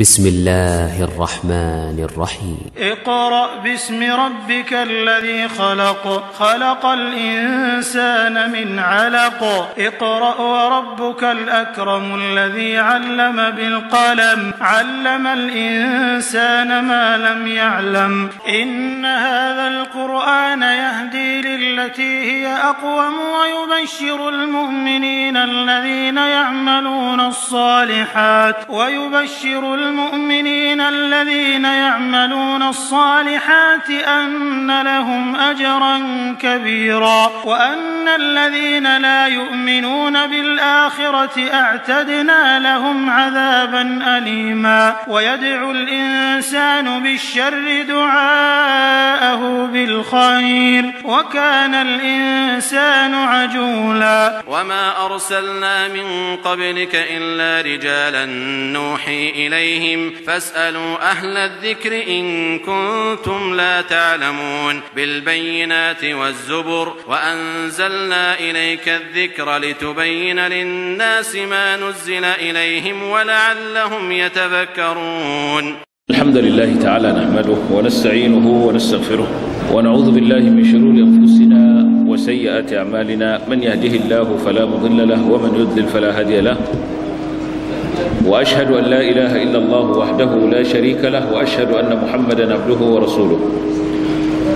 بسم الله الرحمن الرحيم اقرأ باسم ربك الذي خلق خلق الإنسان من علق اقرأ وربك الأكرم الذي علم بالقلم علم الإنسان ما لم يعلم إن هذا القرآن يهدي للتي هي أقوم ويبشر المؤمنين الذين يعملون الصالحات ويبشر المؤمنين المؤمنين الذين يعملون الصالحات أن لهم أجرا كبيرا وأن الذين لا يؤمنون بالآخرة أعتدنا لهم عذابا أليما ويدعو الإنسان بالشر دعاءه بالخير وكان الإنسان عجولا وما أرسلنا من قبلك إلا رجالا نوحي إليهم بهم فاسألوا أهل الذكر إن كنتم لا تعلمون بالبينات والزبر وأنزلنا إليك الذكر لتبين للناس ما نزل إليهم ولعلهم يتذكرون الحمد لله تعالى نحمده ونستعينه ونستغفره ونعوذ بالله من شرور أنفسنا وسيئات أعمالنا من يهده الله فلا مضل له ومن يضلل فلا هادي له وأشهد أن لا إله إلا الله وحده لا شريك له وأشهد أن محمدا عبده ورسوله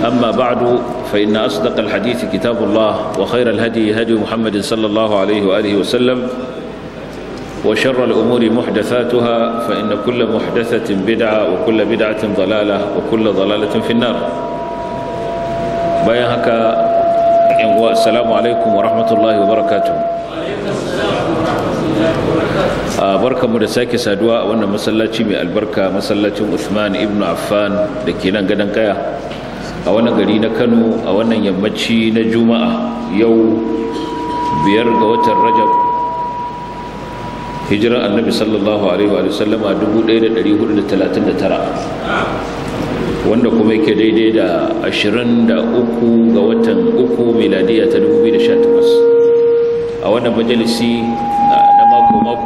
أما بعد فإن أصدق الحديث كتاب الله وخير الهدي هدي محمد صلى الله عليه وآله وسلم وشر الأمور محدثاتها فإن كل محدثة بدعة وكل بدعة ضلالة وكل ضلالة في النار بيهك السلام عليكم ورحمة الله وبركاته وعليكم السلام ورحمة الله وبركاته barkamu da sake saduwa a wannan masallaci mai albarka masallacin Usman ibn Affan da ke nan gadon kaya a wannan gari na Kano a wannan yammaci na Juma'a yau biyar ga watan Rajab hijirar annabi sallallahu alaihi wa sallama 1439 wanda kuma yake daidai da 23 ga watan 3 miladiya ta 2018 a wannan majalisi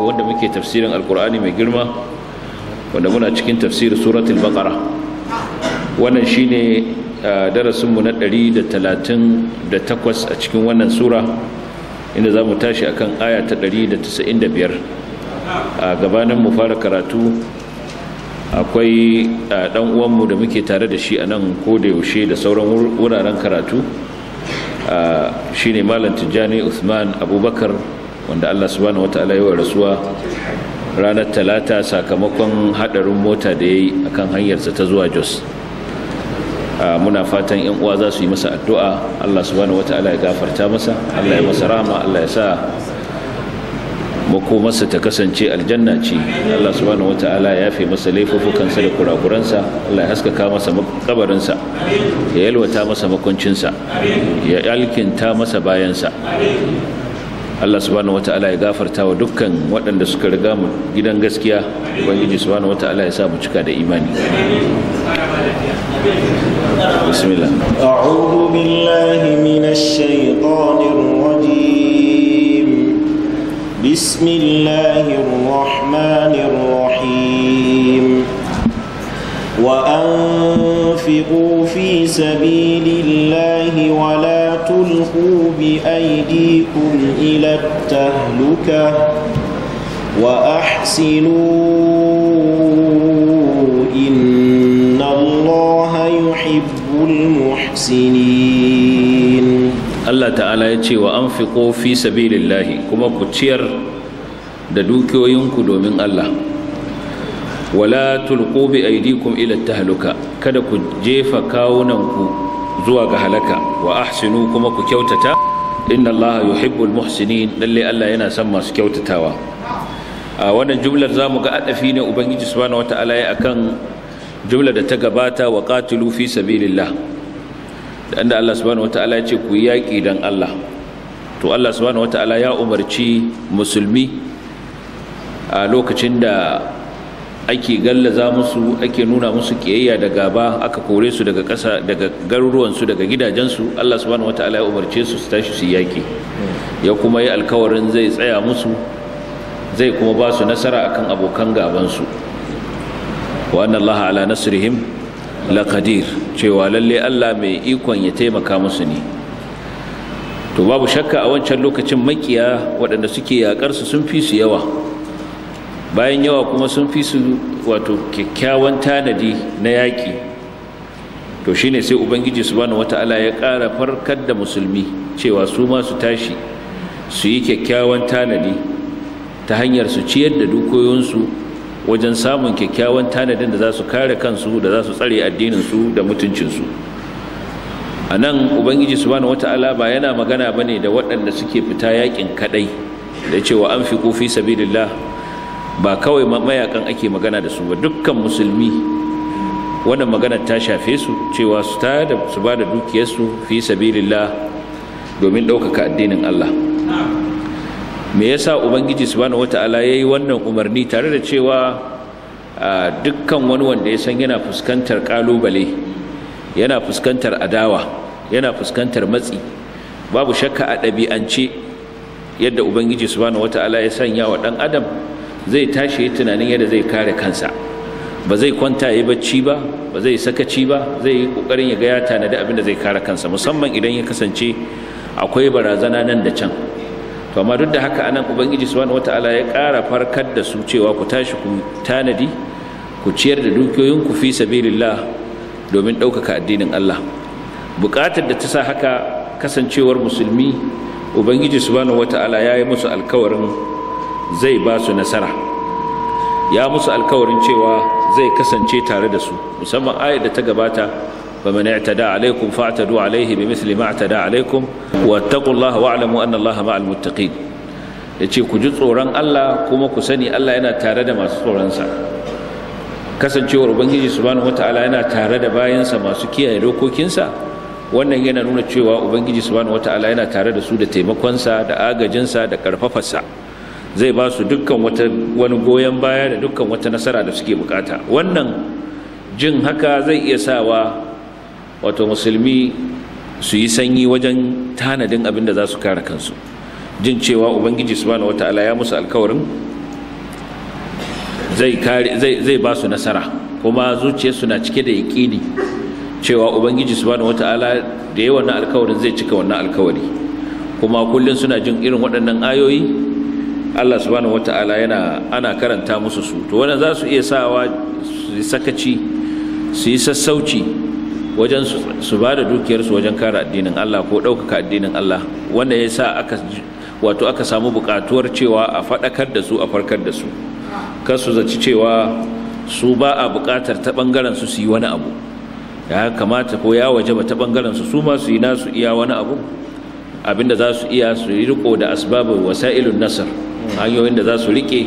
wanda muke tafsirin alkur'ani mai girma wanda muna cikin tafsir suratul baqara wannan shine darasinmu na 138 a cikin wannan sura inda zamu mu tashi akan aya ta 195 a gabanin mu fara karatu akwai dan uwanmu da muke tare da shi a nan da yaushe da sauran wuraren karatu shine malam tijjani usman abubakar wanda Allah subhanahu wataala ya rasuwa ranar talata sakamakon hadarin mota da yayi kan hanyarsa ta zuwa Jos muna fatan yan uwa za su yi masa addu'a Allah subhanahu wataala ya gafarta masa Allah ya masa rahama Allah ya sa makomarsa ta kasance aljanna ce Allah subhanahu wataala ya fi masa laifukansa da kurakuransa Allah ya haskaka masa kabarinsa ya yalwata masa makuncinsa ya alkinta masa bayansa Allah subhanahu ta'ala ya gafarta wa dukkan waɗanda suka riga mu gidan gaskiya ubangiji subhanahu ta'ala ya sa mu cika da imani bismillah a'udhu billahi minash shaitanir rajim bismillahir rahmanir rahim wa anfiqu fi sabilillahi wa la تلقوا بأيديكم wa التهلكة وأحسنوا إن الله يحب المحسنين Allah ta'ala ya ce wa an fi fi sabilillahi kuma ku ciyar da dukiyoyinku domin Allah wala tulqu bi aydikum ila tahluka kada ku jefa kawunanku zuwa ga halaka wa ahsinu kuma ku kyautata inna allaha yuhibbul muhsinin lalle Allah yana son masu kyautatawa a wannan jumlar zamu ga adafi ne ubangiji subhanahu wataala ya akan jumlar da ta gabata wa qatilu fi sabilillah dan da Allah subhanahu wataala ya ce ku yaki dan Allah to Allah subhanahu wataala ya umarci musulmi a lokacin da ake gallaza musu ake nuna musu kiyayya da gaba aka kore su daga ƙasa daga garuruwansu daga gidajensu Allah subhanahu wataala ya umarce su su tashi su yaki ya kuma yi alkawarin zai tsaya musu zai kuma ba su nasara akan abokan gabansu wa anna Allah ala nasrihim laqadir cewa lalle Allah mai ikon ya taimaka musu ne to babu shakka a wancan lokacin makiya waɗanda suke yakar su sun fi su yawa bayan yawa kuma sun fi su wato kyakkyawan tanadi na yaƙi to shine sai ubangiji su bani wata ala ya ƙara farkar da musulmi cewa su ma su tashi su yi kyakkyawan tanadi ta hanyar su ciyar da dukoyonsu wajen samun kyakkyawan tanadin da za su kare kansu da za su tsare addininsu da mutuncinsu a nan ubangiji su wata ala ba yana magana ba ne da waɗanda suke fita yaƙin kaɗai da cewa an fi kofi sabilillah ba kawai mayakan ake magana da su ba dukkan musulmi wannan magana ta shafe su cewa su ta su ba da dukiyarsu fi sabilillah domin ɗaukaka addinin Allah me yasa ubangiji subhanahu wata'ala yayi wannan umarni tare da cewa dukkan wani wanda ya san yana fuskantar kalubale yana fuskantar adawa yana fuskantar matsi babu shakka a ɗabi'ance yadda ubangiji subhanahu wata'ala ya sanya wa ɗan adam zai tashi yi tunanin yadda zai kare kansa ba zai kwanta ya bacci ba ba zai sakaci ba zai yi kokarin ya ga ya tanadi abin da zai kare kansa musamman idan ya kasance akwai barazana nan da can to amma duk da haka anan ubangiji subhanahu wataala ya kara farkar da su cewa ku tashi ku tanadi ku ciyar da dukiyoyin ku fi sabilillah domin ɗaukaka addinin Allah bukatar da ta sa haka kasancewar musulmi ubangiji subhanahu wataala ya yi musu alkawarin zai ba su nasara ya musu alkawarin cewa zai kasance tare da su musamman ayat da ta gabata fa man i'tada alaikum fa'tadu alaihi misli ma i'tada alaikum wattaqullaha wa'lamu anna allaha ma'al muttaqin yace ku ji tsoron Allah kuma ku sani Allah yana tare da masu tsoron sa kasancewar ubangiji subhanahu wataala yana tare da bayan sa masu kiyaye dokokin sa. wannan yana nuna cewa ubangiji subhanahu wataala yana tare da su da taimakon sa da agajin sa da sa. zai ba su dukkan wani goyon baya da dukkan wata nasara da suke bukata wannan jin haka zai iya sawa wato musulmi su yi sanyi wajen tanadin abin da za su kare kansu jin cewa ubangiji subhanahu ala ya musu alkawarin zai ba su nasara kuma zuciyarsu na cike da yaƙini cewa ubangiji subhanahu ala da yawan alkawarin zai cika wannan alkawari kuma kullum suna jin irin waɗannan ayoyi Allah subhanahu wata'ala yana ana karanta musu su to wannan za su iya sawa su sakaci su yi sassauci wajen su ba da dukiyarsu wajen kare addinin Allah ko ɗaukaka addinin Allah wanda ya sa aka wato aka samu buƙatuwar cewa a faɗakar da su a farkar da su kar su zaci cewa su ba a buƙatar ta ɓangaren su su yi wani abu ya kamata ko ya waje ba ta ɓangaren su su ma su yi nasu iya wani abu abinda za su iya su riko da asbabin wasailun nasar hanyoyin da za su rike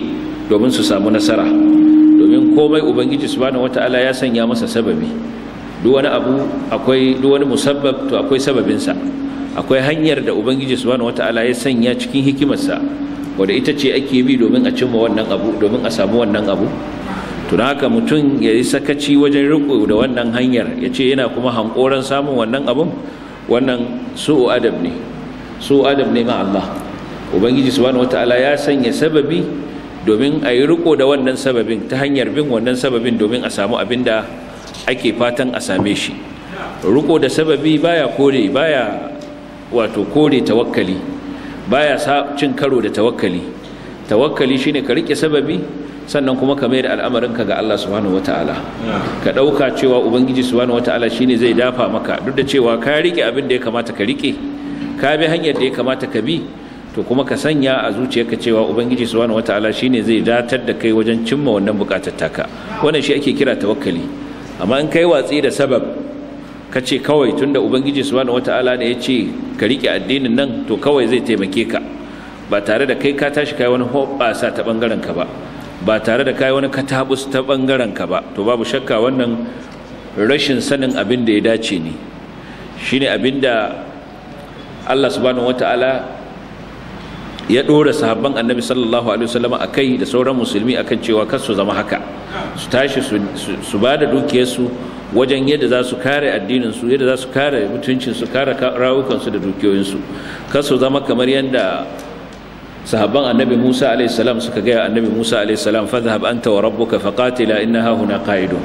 domin su samu nasara domin komai ubangiji subhanahu wataala ya sanya masa sababi duk wani abu akwai duk wani musabbab to akwai sababinsa akwai hanyar da ubangiji subhanahu wataala ya sanya cikin hikimar sa wanda ita ce ake bi domin a cimma wannan abu domin a samu wannan abu to dan haka mutum ya yi sakaci wajen riko da wannan hanyar ya ce yana kuma hankoran samun wannan abun wannan su'u adab ne su'u adab ne ma Allah ubangiji subhanahu wataala ya sanya sababi domin a yi riko da wannan sababin ta hanyar bin wannan sababin domin a samu abin da ake fatan a same shi riko da sababi baya kore baya wato kore tawakkali baya sa cin karo da tawakkali tawakkali shine ka rike sababi sannan kuma ka mayar da ka ga Allah subhanahu wataala ka dauka cewa ubangiji subhanahu wataala shine zai dafa maka duk da cewa ka rike abin da ya kamata ka rike ka bi hanyar da ya kamata ka bi to kuma ka sanya a zuciyarka cewa ubangiji subhanahu wataala shine zai datar da kai wajen cimma wannan bukatar taka wannan shi ake kira tawakkali amma in kai watsi da sabab ka ce kawai tunda ubangiji subhanahu wataala ne ya ce ka rike addinin nan to kawai zai taimake ka ba tare da kai ka tashi kai wani hoɓasa ta bangaren ka ba ba tare da kai wani katabus ta bangaren ka ba to babu shakka wannan rashin sanin abin da ya dace ne shine abin da Allah subhanahu wataala ya ɗora sahabban annabi sallallahu alaihi wasallam a da sauran musulmi akan cewa kar su zama haka su tashi su ba da dukiyarsu wajen yadda za su kare addininsu yadda za su kare mutuncinsu kare rawukansu da dukiyoyinsu kar su zama kamar yadda sahabban annabi Musa alaihi salam suka gaya annabi Musa alaihi salam fadhhab anta wa rabbuka fa qatila innaha huna qa'idu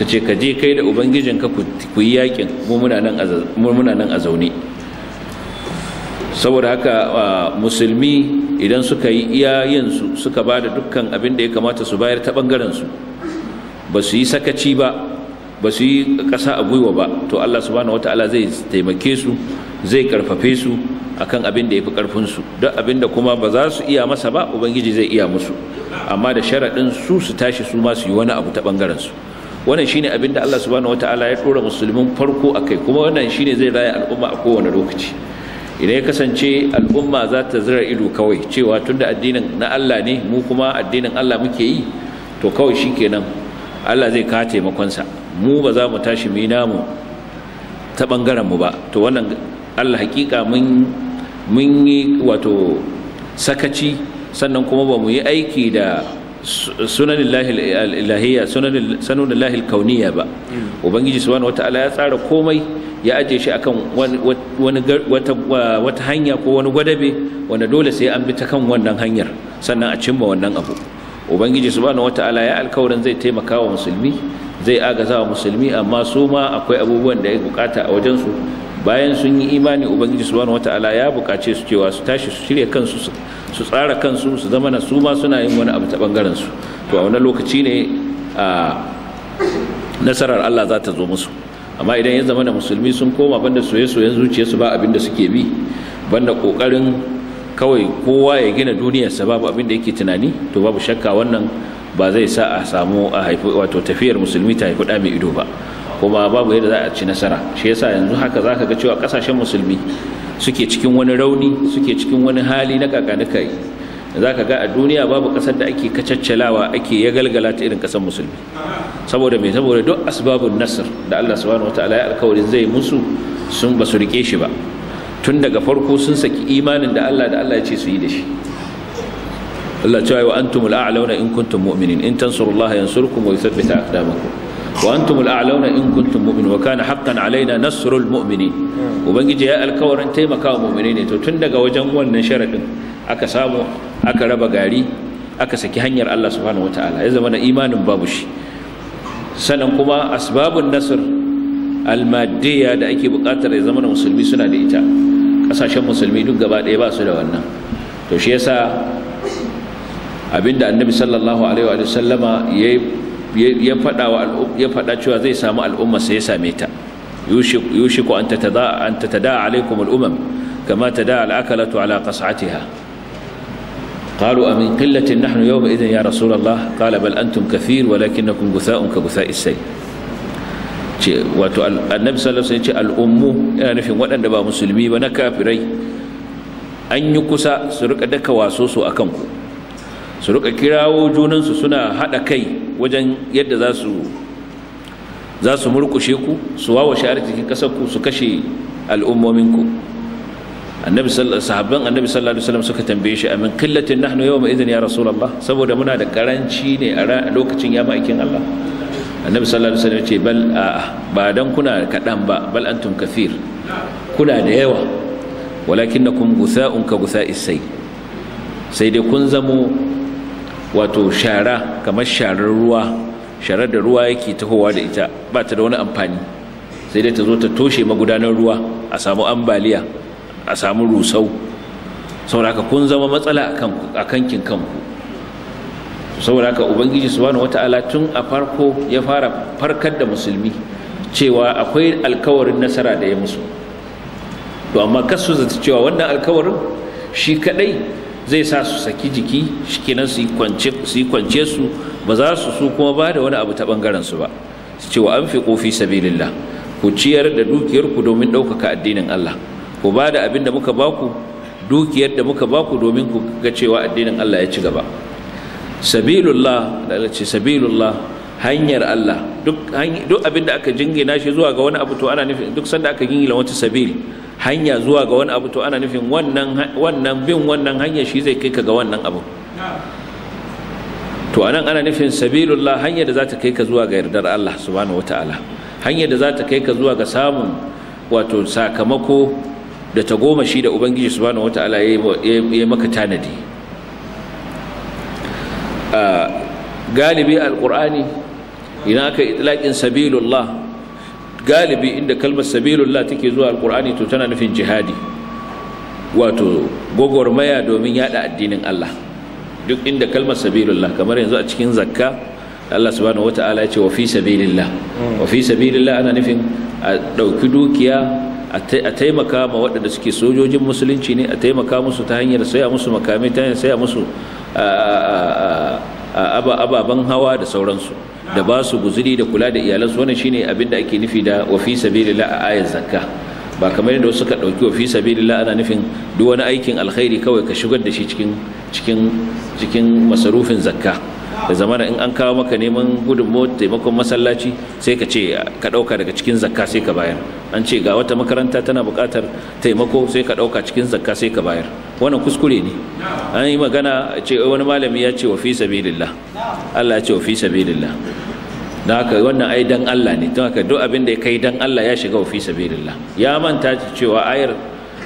kace ka je kai da ubangijinka ku yi yakin mu muna nan a zaune saboda haka musulmi idan suka yi iyayensu suka ba da dukkan abin da ya kamata su bayar ta ɓangarensu ba su yi sakaci ba ba su yi ƙasa a gwiwa ba to allah subhanahu ta'ala zai taimake su zai karfafe su akan abin da ya fi ƙarfinsu don abin da kuma ba za su iya masa ba ubangiji zai iya musu amma da sharaɗin su su tashi su ma su yi wani abu ta ɓangarensu wannan shine abin da allah subhanahu ta'ala ya ɗora musulmin farko a kai kuma wannan shine zai raya al'umma a kowane lokaci idan ya kasance al'umma za ta zira ido kawai cewa tun da addinin na Allah ne mu kuma addinin Allah muke yi to kawai shi kenan Allah zai kawo taimakonsa mu ba za mu tashi mai namu ta bangaren mu ba to wannan Allah hakika mun yi wato sakaci sannan kuma ba mu yi aiki da lahil kauniya ba ubangiji subhanahu wataala ya tsara komai ya ajiye shi akan wani wata hanya ko wani gwadabe wanda dole sai an bi ta kan wannan hanyar sannan a cimma wannan abu ubangiji subhanahu wataala ya alkawarin zai taimaka wa musulmi zai agaza wa musulmi amma su ma akwai abubuwan da ya bukata a wajen su bayan sun yi imani ubangiji subhanahu wataala ya bukace su cewa su tashi su shirya kansu su tsara kansu su zama na su ma suna yin wani abu ta bangaren su to a wani lokaci ne a nasarar Allah za ta zo musu amma idan ya zama da musulmi sun koma banda soye-soyen zuciyarsu ba abin da suke bi banda kokarin kawai kowa ya gina duniyarsa babu abin da yake tunani to babu shakka wannan ba zai sa a samu a haifi wato tafiyar musulmi ta haifi ɗa mai ido ba kuma babu yadda za a ci nasara shi yasa yanzu haka zaka ga cewa kasashen musulmi suke cikin wani rauni suke cikin wani hali na kakanikai za ka ga a duniya babu ƙasar da ake kacaccalawa ake ya galgala ta irin ƙasar musulmi saboda mai saboda duk asbabun nasir da Allah subhanahu wataala ya alkawarin zai musu sun ba su rike shi ba tun daga farko sun saki imanin da Allah da Allah ya ce su yi da shi Allah yi wa antumul a'launa in kuntum mu'minin in tansurullaha yansurkum wa yuthabbita aqdamakum وأنتم الأعلون إن كنتم مؤمنين وكان حقا علينا نصر المؤمنين وبنجي يا الكورن تيما كاو مؤمنين تو daga wajen wannan sharadin aka samu aka raba gari aka saki hanyar Allah subhanahu wataala ya zama da imanin babu shi sannan kuma asbabun nasr almadiyya da ake bukatar ya zama musulmi suna da ita ƙasashen musulmi duk gaba ɗaya ba su da wannan to shi yasa abinda annabi sallallahu alaihi wa sallama yayi ya faɗa cewa zai samu al'umma sai ya same ta yushiku an tatada alaikum al'umam kama tada al'akalatu ala qas'atiha قالوا أمن قلة نحن يومئذ يا رسول الله قال بل أنتم كثير ولكنكم غثاء كغثاء السيل wato annabi sallallahu alaihi wasallam ce al'ummu yana nufin waɗanda ba musulmi ba na kafirai an yi kusa su rika daka waso su akan ku su rika kirawo junansu suna haɗa kai wajen yadda za su murkushe ku su wawashe arzikin ƙasar ku su kashe al'ummomin ku annabi sahabban annabi sallallahu alaihi wasallam suka tambaye shi amin killatin nahnu yawma izini ya rasulallah saboda muna da karanci ne a lokacin ya ma'aikin Allah annabi sallallahu alaihi wasallam ce bal ba dan kuna kaɗan ba bal antum kafir, kuna da yawa gusa gutha'un ka gusa isai sai dai kun zamo wato shara kamar sharar ruwa sharar da ruwa yake tahowa da ita ba ta da wani amfani sai dai ta zo ta toshe magudanar ruwa a samu ambaliya a samu rusau saboda kun zama matsala a kankin kanku saboda haka ubangiji subhanahu wata'ala tun a farko ya fara farkar da musulmi cewa akwai alkawarin nasara da ya musu to amma kasu zata cewa wannan alkawarin shi kadai zai sa su saki jiki shikenan su kwance su kwance su ba za su su kuma ba da wani abu ta bangaren su ba su ce wa anfiqu fi sabilillah ku ciyar da dukiyar ku domin ɗaukaka addinin Allah ku ba da abin da muka ku dukiyar da muka baku domin ku ga cewa addinin Allah ya ci gaba sabilullah da ce sabilullah hanyar Allah duk abin da aka jingina shi zuwa ga wani abu to ana nufin duk sanda aka jingina wata sabil hanya zuwa ga wani abu to ana nufin wannan wannan bin wannan hanya shi zai kai ka ga wannan abu to anan ana nufin sabilullah hanya da za ta kai ka zuwa ga yardar Allah subhanahu wataala hanya da za ta kai ka zuwa ga samun wato sakamako da ta goma shi da ubangiji subhanahu wataala ya maka tanadi ah, galibi alqur'ani Ina aka itlaqin sabilullah galibi inda kalmar sabilullah take zuwa alqur'ani to tana nufin jihadi wato gogormaya domin yada addinin Allah duk inda kalmar sabilullah kamar yanzu a cikin zakka Allah subhanahu wata'ala ya ce wa fi sabilillah wa fi sabilillah ana nufin a dauki dukiya a taimaka ma waɗanda suke sojojin musulunci ne a taimaka musu ta hanyar saya musu makami ta hanyar saya musu ababen hawa da sauransu da ba su guzuri da kula da iyalansu wannan shine abin da ake nufi da wa fi sabilillah a ayar zakka ba kamar yadda wasu suka dauki wa fi sabilillah ana nufin duk wani aikin alkhairi kawai ka shigar da shi cikin cikin cikin masarufin zakka da zamana in an kawo maka neman gudun taimakon masallaci sai ka ce ka ɗauka daga cikin zakka sai ka bayar an ce ga wata makaranta tana buƙatar taimako sai ka ɗauka cikin zakka sai ka bayar wannan kuskure ne an yi magana ce wani malami ya ce wa fi sabilillah Allah ya ce wa fi sabilillah don haka wannan ai dan Allah ne don haka duk abin da ya kai dan Allah ya shiga wa fi sabilillah ya manta cewa ayar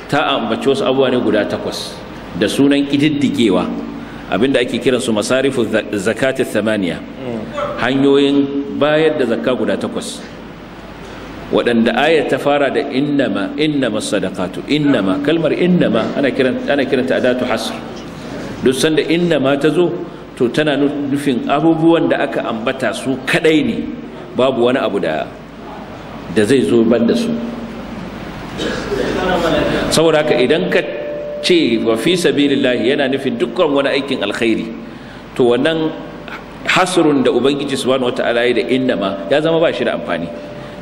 ta ambaci wasu abubuwa ne guda takwas da sunan kididdigewa. abinda ake kiran su masarifu zakati thamaniya hanyoyin bayar da zakka guda takwas waɗanda ayar ta fara da innama innama sadaqatu innama kalmar innama ana kiran ana kiranta adatu hasr duk sanda innama ta zo to tana nufin abubuwan da aka ambata su kadai ne babu wani abu da da zai zo ban da su saboda haka idan ka ce wa fi sabilillahi yana nufin dukkan wani aikin alkhairi to wannan hasrun da ubangiji subhanahu wataala ya da inna ma ya zama ba shi da amfani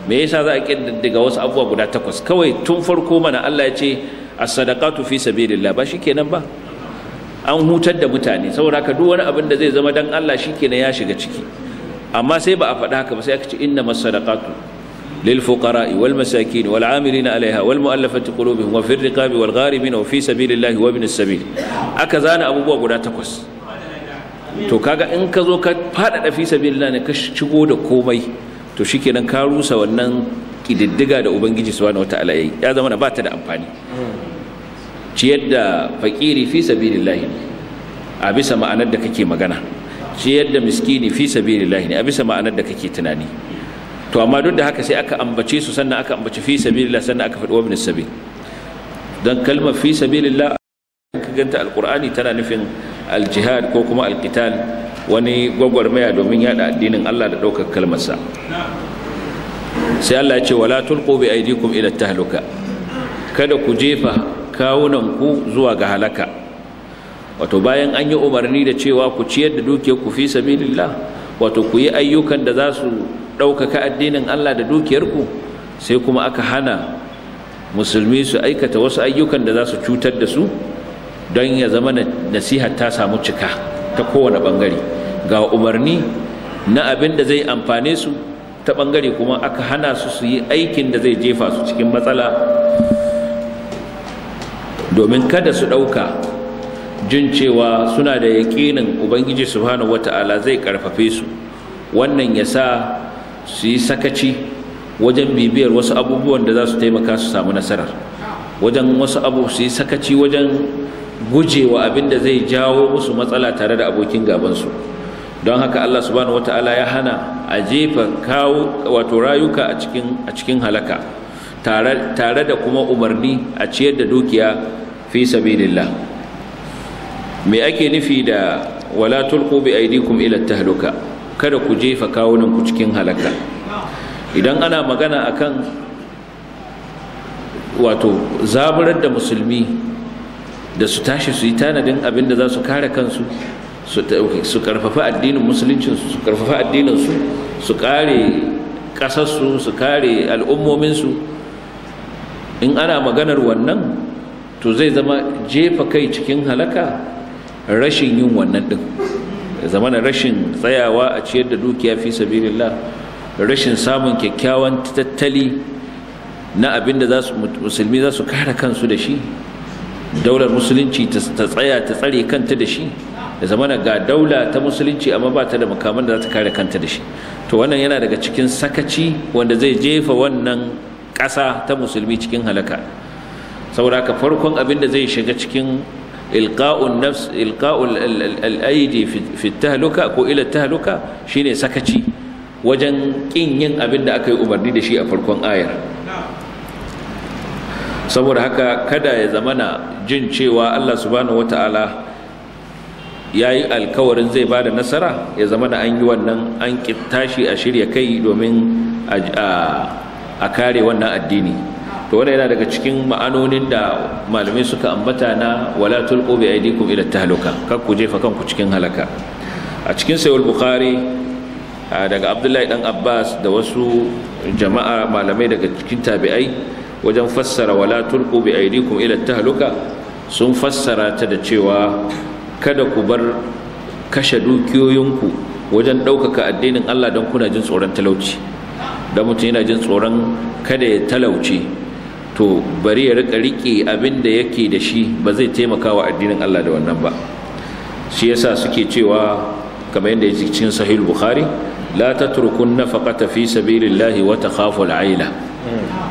me yasa za a daga wasu abubuwa guda takwas kawai tun farko mana Allah ya ce as-sadaqatu fi sabilillah ba shikenan ba an hutar da mutane saboda haka duk wani abin da zai zama dan Allah shikenan ya shiga ciki amma sai ba a faɗa haka ba sai aka ce inna sadakatu. للفقراء والمساكين والعاملين عليها والمؤلفة قلوبهم وفي الرقاب والغارمين وفي سبيل الله وابن السبيل أكذانا أبو بوا قد تكوس to kaga in ka zo ka faɗaɗa fi sabilillah ne shigo da komai to shikenan ka rusa wannan ƙididdiga da ubangiji subhanahu wataala yayi ya zama ba ta da amfani ciyar da fakiri fi sabilillah ne a bisa ma'anar da kake magana ciyar da miskini fi ne a bisa ma'anar da kake tunani to amma duk da haka sai aka ambace su sannan aka ambaci fi sabilillah sannan aka faɗi wabin sabil dan kalmar fi sabilillah ka ganta alqur'ani tana nufin aljihad ko kuma alqital wani gwagwarmaya domin yada addinin Allah da ɗaukar kalmarsa sai Allah ya ce wala tulqu bi aydikum ila tahluka kada ku jefa kawunan ku zuwa ga halaka wato bayan an yi umarni da cewa ku ciyar da dukiyar ku fi sabilillah wato ku yi ayyukan da za su ɗaukaka addinin Allah da dukiyarku sai kuma aka hana musulmi su aikata wasu ayyukan da za su cutar da su don ya zama nasihar ta samu cika ta kowane ɓangare ga umarni na abin da zai amfane su ta ɓangare kuma aka hana su su yi aikin da zai jefa su cikin matsala domin kada su ɗauka jin cewa suna da yaƙinin ubangiji subhanahu wata'ala zai karfafe su wannan ya sa su yi sakaci wajen bibiyar wasu abubuwan da za su taimaka su samu nasarar wajen wasu abu su yi sakaci wajen gujewa abin da zai jawo musu matsala tare da abokin gabansu don haka Allah subhanahu wata'ala ya hana a jefa kawo wato rayuka a cikin a cikin halaka tare da kuma umarni a ciyar da dukiya fi sabilillah me ake nufi da wala tulqu bi aidikum ila tahluka kada ku jefa kawunan ku cikin halaka idan ana magana akan wato zaburar da musulmi da su tashi su yi tanadin abin da za su kare kansu su karfafa addinin musulunci su karfafa addininsu su kare kasarsu su kare al'ummominsu in ana maganar wannan to zai zama jefa kai cikin halaka rashin yin wannan din na rashin tsayawa a ciyar da dukiya fi sabirillah rashin samun kyakkyawan tattali na abin da musulmi za su kare kansu da shi daular musulunci ta tsaya ta tsare kanta da shi da zamana ga daula ta musulunci amma ba ta da makaman da za ta kare kanta da shi to wannan yana daga cikin sakaci wanda zai jefa wannan ƙasa ta musulmi cikin halaka saboda ka farkon abin da zai shiga cikin ilqa'un nafs ilqa'ul al-aidi fi tahluka ko shine sakaci wajen kin yin abin da aka yi umarni da shi a farkon ayar saboda haka kada ya zamana jin cewa Allah subhanahu wataala ya yi alkawarin zai bada nasara ya zama an yi wannan an tashi a shirya kai domin a kare wannan addini to wannan yana daga cikin ma'anonin da malamai suka ambata na wala tulqu bi aydikum ila tahluka kar ku jefa kanku cikin halaka a cikin sayyid bukhari daga abdullahi dan abbas da wasu jama'a malamai daga cikin tabi'ai wajen fassara wala tulqu bi aydikum ila tahluka sun fassara ta da cewa kada ku bar kashe dukiyoyinku wajen ɗaukaka addinin Allah don kuna jin tsoron talauci da mutum yana jin tsoron kada ya talauci to bari ya rika rike abin da yake da shi ba zai taimaka wa addinin Allah da wannan ba shi yasa suke cewa kamar yadda yake cikin sahih bukhari la tatrukun nafaqata fi sabilillahi wa takhafu al'aila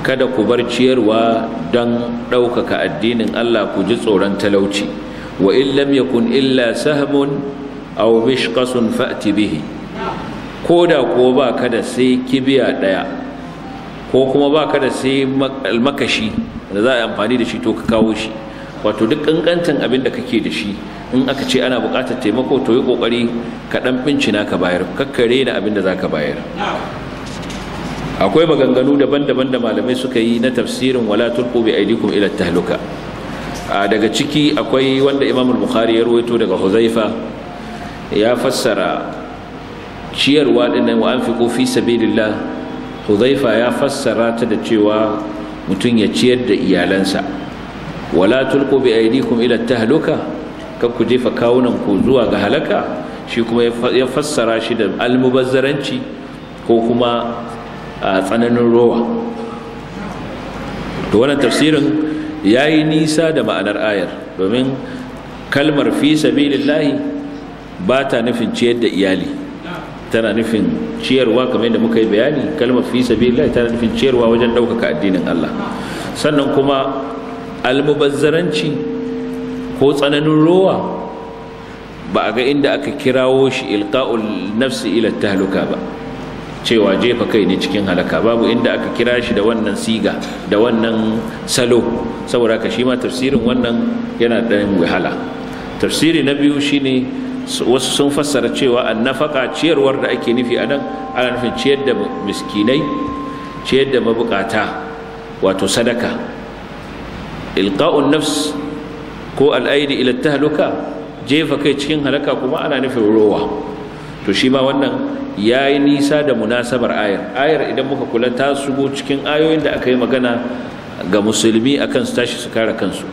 kada ku bar ciyarwa dan ɗaukaka addinin Allah ku ji tsoron talauci wa in lam yakun illa sahmun aw mishqasun fa'ti bihi koda ko ba kada sai kibiya daya ko kuma ba ka da sai almakashi da za a yi amfani da shi to ka kawo shi wato duk ƙanƙantan abin da kake da shi in aka ce ana buƙatar taimako to yi ƙoƙari ka ɗan bincina ka bayar kakkare na abin da za ka bayar akwai maganganu daban-daban da malamai suka yi na tafsirin wala tulqu bi aydikum ila tahluka daga ciki akwai wanda imam al-bukhari ya rawaito daga huzaifa ya fassara ciyarwa dinnan wa anfiqu fi sabilillah huzaifa ya fassara ta da cewa mutum ya ciyar da iyalansa wala tulqu bi kuma ila tahluka kan ku jefa kawunan ku zuwa ga halaka shi kuma ya fassara shi da almubazzaranci ko kuma a tsananin rowa to wannan tafsirin ya yi nisa da ma'anar ayar domin kalmar fi sabilillahi ba ta nufin ciyar da iyali tana nufin ciyarwa kamar yadda muka yi bayani kalmar fi sabilillah tana nufin ciyarwa wajen ɗaukaka addinin Allah sannan kuma almubazzaranci ko tsananin rowa ba a ga inda aka kirawo shi ilqa'ul nafsi ila tahluka ba cewa jefa kai ne cikin halaka babu inda aka kira shi da wannan siga da wannan salo saboda ka shi ma tafsirin wannan yana ɗan wahala tafsiri na biyu shine wasu sun fassara cewa nafaka ciyarwar da ake nufi a nan ana nufin ciyar da miskinai ciyar da mabukata wato sadaka ilqa'un nafs ko al'aidi ila tahluka jefa kai cikin halaka kuma ana nufin rowa to shi ma wannan ya yi nisa da munasabar ayar ayar idan muka kula ta shigo cikin ayoyin da aka yi magana ga musulmi akan su tashi su kare kansu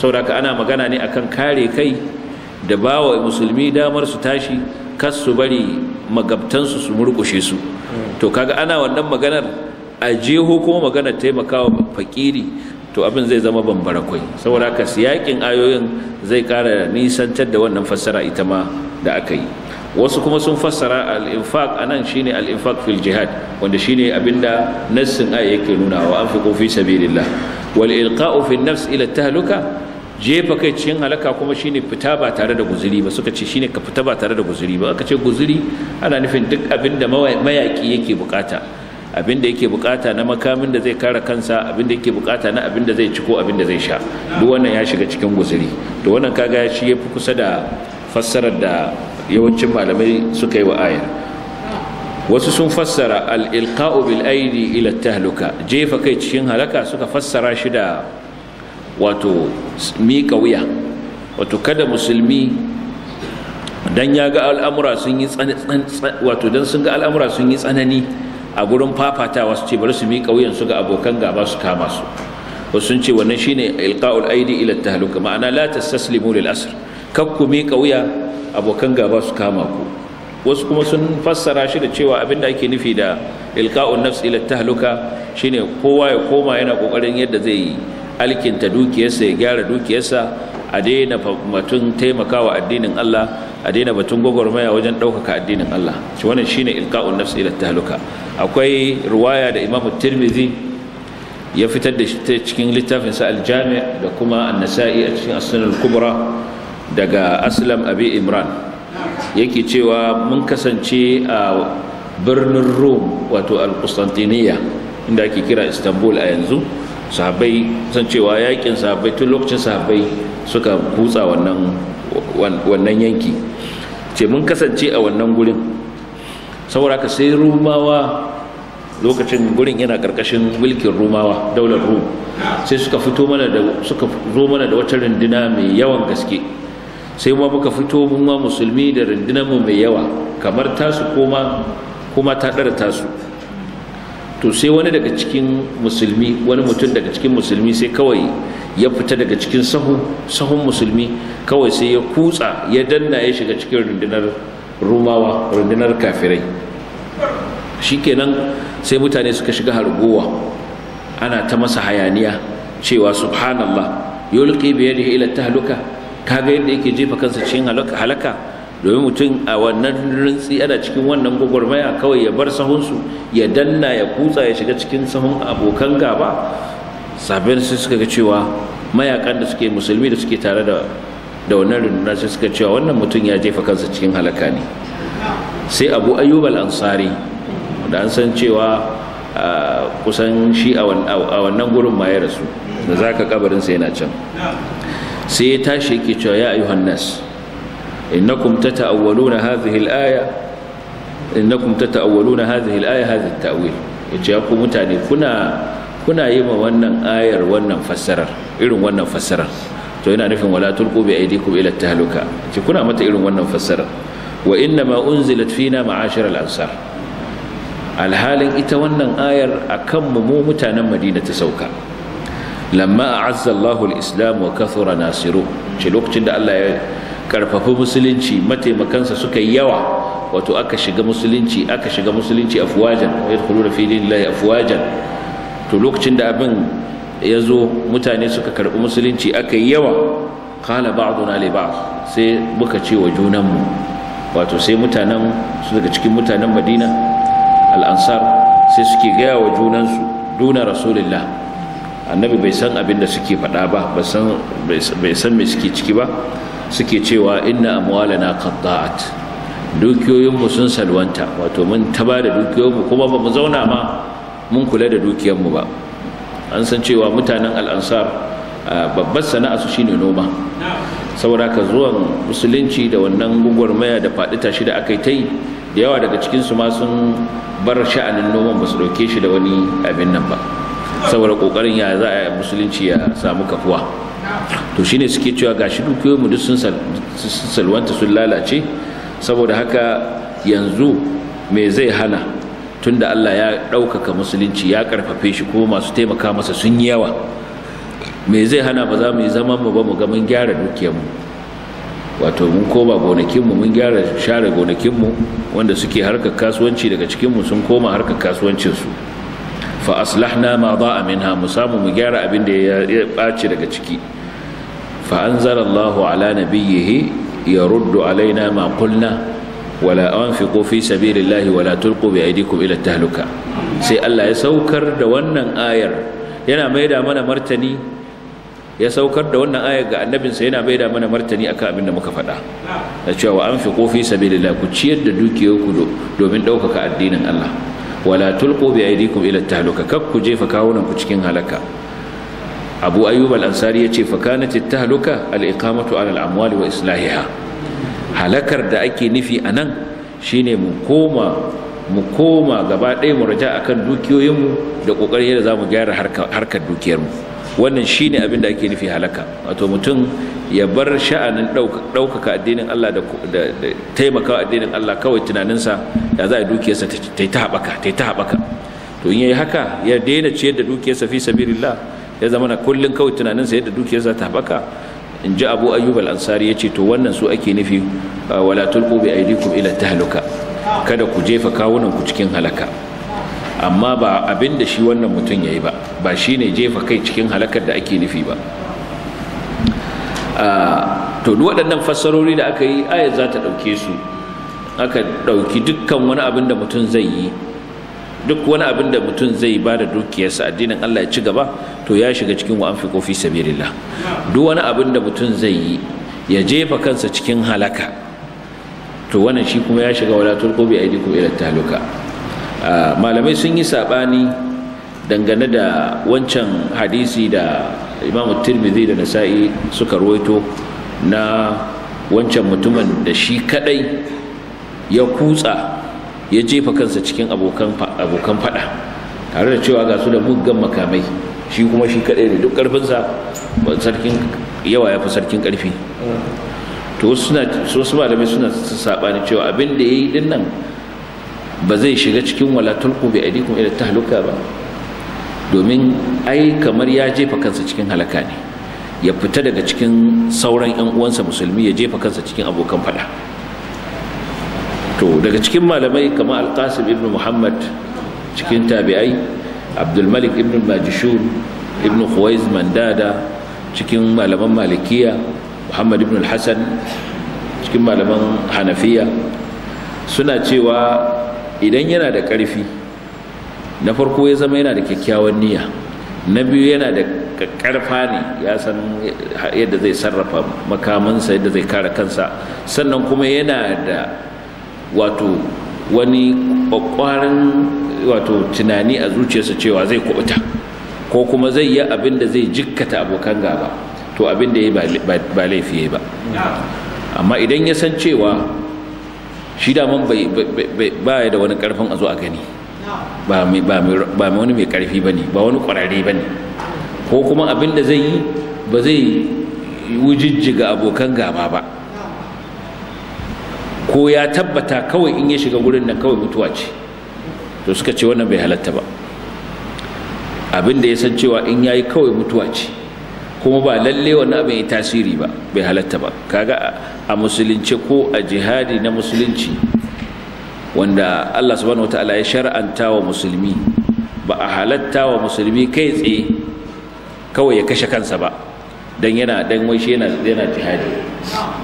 saboda ana magana ne akan kare kai da ba wa musulmi damar su tashi kas su bari magabtansu su murkushe su to kaga ana wannan maganar a jeho kuma maganar taimakawa fakiri to abin zai zama bambara kwai saboda haka siyakin ayoyin zai kara nisantar da wannan fassara ita ma da aka yi wasu kuma sun fassara al-infaq anan shine al-infaq fil jihad wanda shine abinda nassin aya yake nuna wa anfiqu fi sabilillah wal ilqa'u fi nafs ila tahluka jefa kai cikin halaka kuma shine fita ba tare da guzuri ba suka ce shine ka fita ba tare da guzuri ba aka ce guzuri ana nufin duk abin da mayaki yake bukata abin da yake bukata na makamin da zai kare kansa abin da yake bukata na abin da zai ci ko abin da zai sha duk wannan ya shiga cikin guzuri to wannan kaga ya shi yafi kusa da fassarar da yawancin malamai suka yi wa ayar wasu sun fassara al-ilqa'u bil aidi ila tahluka jefa kai cikin halaka suka fassara shi da wato miƙa wuya wato kada musulmi dan ya ga al'amura sun yi wato dan sun ga al'amura sun yi tsanani a gurin fafatawa su ce bari su miƙa wuyan su ga abokan gaba su kama su wasu sun ce wannan shine ilqa'ul aidi ila tahluk ma'ana la tastaslimu lil asr kak ku miƙa wuya abokan gaba su kama ku wasu kuma sun fassara shi da cewa abin da ake nufi da ilqa'un nafs ila tahluka shine kowa ya koma yana kokarin yadda zai yi alkinta dukiyarsa ya gyara dukiyarsa a daina batun taimakawa addinin Allah a daina batun gwagwarmaya wajen ɗaukaka addinin Allah shi wannan shine ilqa'un nafsi ila tahluka akwai riwaya da Imam Tirmidhi ya fitar da ta cikin littafin sa al-Jami' da kuma An-Nasa'i a cikin As-Sunan al-Kubra daga Aslam Abi Imran yake cewa mun kasance a birnin Rome wato al-Qustantiniya inda ake kira Istanbul a yanzu sahabbai san cewa yakin sabai tun lokacin sabai suka kutsa wannan yanki ce mun kasance a wannan gurin saboda ka sai rumawa lokacin gurin yana karkashin mulkin rumawa daular rum sai suka fito mana da suka zo mana da wata rindina mai yawan gaske sai ma muka fito mun ma musulmi da rundunar mu mai yawa kamar tasu koma kuma ta dara tasu to sai wani daga cikin musulmi wani mutum daga cikin musulmi sai kawai ya fita daga cikin sahu sahun musulmi kawai sai ya kutsa ya danna ya shiga cikin rundunar rumawa rundunar kafirai shikenan sai mutane suka shiga harguwa ana ta masa hayaniya cewa subhanallah yulqi bi yadihi ila tahluka kaga yadda yake jefa kansa cikin halaka domin mutum a wannan rintsi ana cikin wannan gwagwarmaya kawai ya bar sahunsu ya danna ya kutsa ya shiga cikin sahun abokan gaba sabbin sai suka ga cewa mayakan da suke musulmi da suke tare da da wannan runduna sai suka cewa wannan mutum ya jefa kansa cikin halaka ne sai abu ayyub al-ansari da an san cewa kusan shi a wannan gurin ma ya rasu da zaka kabarin sa yana can sai ya tashi yake cewa ya ayyuhan nas إنكم تتأولون هذه الآية إنكم تتأولون هذه الآية هذا التأويل يجيكم متاني كنا كنا يما ونن آير ونن فسرر إلو ونن فسرر to yana nufin wala tulqu bi aydikum ila tahluka ce kuna mata irin wannan fassara wa inna ma unzilat fina ma'ashir al-ansar alhalin ita wannan ayar akan mu mu mutanen Madina ta sauka lamma a'azza islam wa kathura nasiru ce lokacin da Allah ya karfafi musulunci mataimakansa suka yi yawa wato aka shiga musulunci aka shiga musulunci afwajan da fi dinillahi afwajan to lokacin da abin ya zo mutane suka karbi musulunci aka yi yawa qala ba'duna li ba'd sai muka ce wa junanmu wato sai mutanen su daga cikin mutanen Madina al'ansar sai suke gaya wa junansu duna rasulillah annabi bai san abin da suke faɗa ba bai san me suke ciki ba suke cewa inna amwalana qadda'at dukiyoyinmu sun salwanta wato mun taba da dukiyoyinmu kuma ba mu zauna ma mun kula da dukiyarmu ba an san cewa mutanen al'ansar babbar sana'a su shine noma saboda ka zuwan musulunci da wannan maya da faɗi tashi da aka yi ta yi da yawa daga cikinsu ma sun bar sha'anin noman ba su ɗauke shi da wani abin nan ba saboda ƙoƙarin ya za a musulunci ya samu kafuwa to shine suke cewa gashi dukiyoyin duk sun salwanta sun lalace saboda haka yanzu me zai hana tunda Allah ya daukaka musulunci ya karfafe shi kuma masu taimaka masa sun yi yawa me zai hana ba za mu yi zaman mu ba mu ga mun gyara mu wato mun koma gonakinmu mun gyara share gonakinmu wanda suke harka kasuwanci daga cikin mu sun koma harkar kasuwancinsu fa aslahna ma dha'a minha mu samu mu gyara abin da ya bace daga ciki فأنزل الله على نبيه يرد علينا ما قلنا ولا أنفقوا في سبيل الله ولا تلقوا بأيديكم إلى التهلكة sai Allah ya saukar da wannan ayar yana maida ya saukar da wannan ayar ga annabinsa yana maida mana martani akan abin da muka faɗa da cewa wa an fi kofi sabilillah ku ciyar da dukiyoyinku domin ɗaukaka addinin Allah wala tulqu bi aydikum ila tahluka kak ku jefa kawunan ku cikin halaka abu ayyub al-ansari ce, fa kanat at-tahluka al-iqamatu ala al-amwal wa islahiha halakar da ake nufi anan shine mu koma mu koma gaba ɗaya mu a akan dukiyoyinmu da kokarin yadda zamu gyara harkar dukiyarmu wannan shine abin da ake nufi halaka wato mutum ya bar sha'anin ɗaukaka addinin Allah da taimakawa addinin Allah kawai tunaninsa ya za a dukiyarsa ta ta haɓaka ta ta haɓaka to in yayi haka ya daina ciyar da dukiyarsa fi sabilillah ya zama na kullum kawai tunaninsa yadda dukiyar za ta baka in ji abu ayyub al-ansari ya ce to wannan su ake nufi ah, wala tulqu bi aydikum ila tahluka kada ku jefa kawunan ku cikin halaka amma ba abin da shi wannan mutum yayi ba ba shine jefa kai cikin halakar da ake nufi ba ah, to duk waɗannan fassarori da aka yi ayat za ta ɗauke su aka ɗauki dukkan wani abin da mutum zai yi duk wani abin da mutum zai ba da dukiyarsa addinin Allah ya ci gaba to ya shiga cikin wa anfiqu fi sabirillah duk wani abin da mutum zai yi ya jefa kansa cikin halaka to wannan shi kuma ya shiga wala tulqu bi aydikum ila taluka ah, malamai sun yi sabani dangane da wancan hadisi da Imam Tirmidhi da Nasa'i suka ruwaito na wancan mutumin da shi kadai ya kutsa ya jefa kansa cikin abokan faɗa tare da cewa ga su da muggan makamai shi kuma shi kaɗai ne duk ƙarfinsa, sarkin yawa ya fi sarkin ƙarfi. to su ba su malamai suna saɓani cewa abin da yi din nan ba zai shiga cikin wala tulqu bi aidikum ila tahluka ba domin ai kamar ya jefa kansa cikin halaka ne ya fita daga cikin sauran yan uwansa musulmi ya jefa kansa cikin abokan fada to daga cikin malamai kamar alqasim ibn muhammad cikin tabi'ai abdulmalik ibn majishun ibn khuwais mandada cikin malaman malikiya muhammad ibn hassan cikin malaman hanafiya suna cewa idan yana da ƙarfi na farko ya zama yana da kyakkyawan niyya na biyu yana da karfa ne ya san yadda zai sarrafa makamansa yadda zai kare kansa sannan kuma yana da wato wani kwakwarin wato tunani a zuciyarsa cewa zai kubuta ko kuma zai yi abin da zai jikkata abokan gaba to abin da ya ba laifi ba amma idan ya san cewa shi daman ba ya da wani karfin a zo a gani ba mai wani mai karfi ba ne ba wani kwararre ba ne ko kuma abin da zai yi ba zai wujijjiga abokan gaba ba ko ya tabbata kawai in ya shiga wurin nan kawai mutuwa ce to suka ce wannan bai halatta ba abin da ya san cewa in yayi kawai mutuwa ce kuma ba lalle wannan abin ya tasiri ba bai halatta ba kaga a musulunci ko a jihadi na musulunci wanda Allah subhanahu wataala ya shar'anta wa musulmi ba a halatta wa musulmi kai tsaye kawai ya kashe kansa ba dan yana dan wai shi yana yana jihadi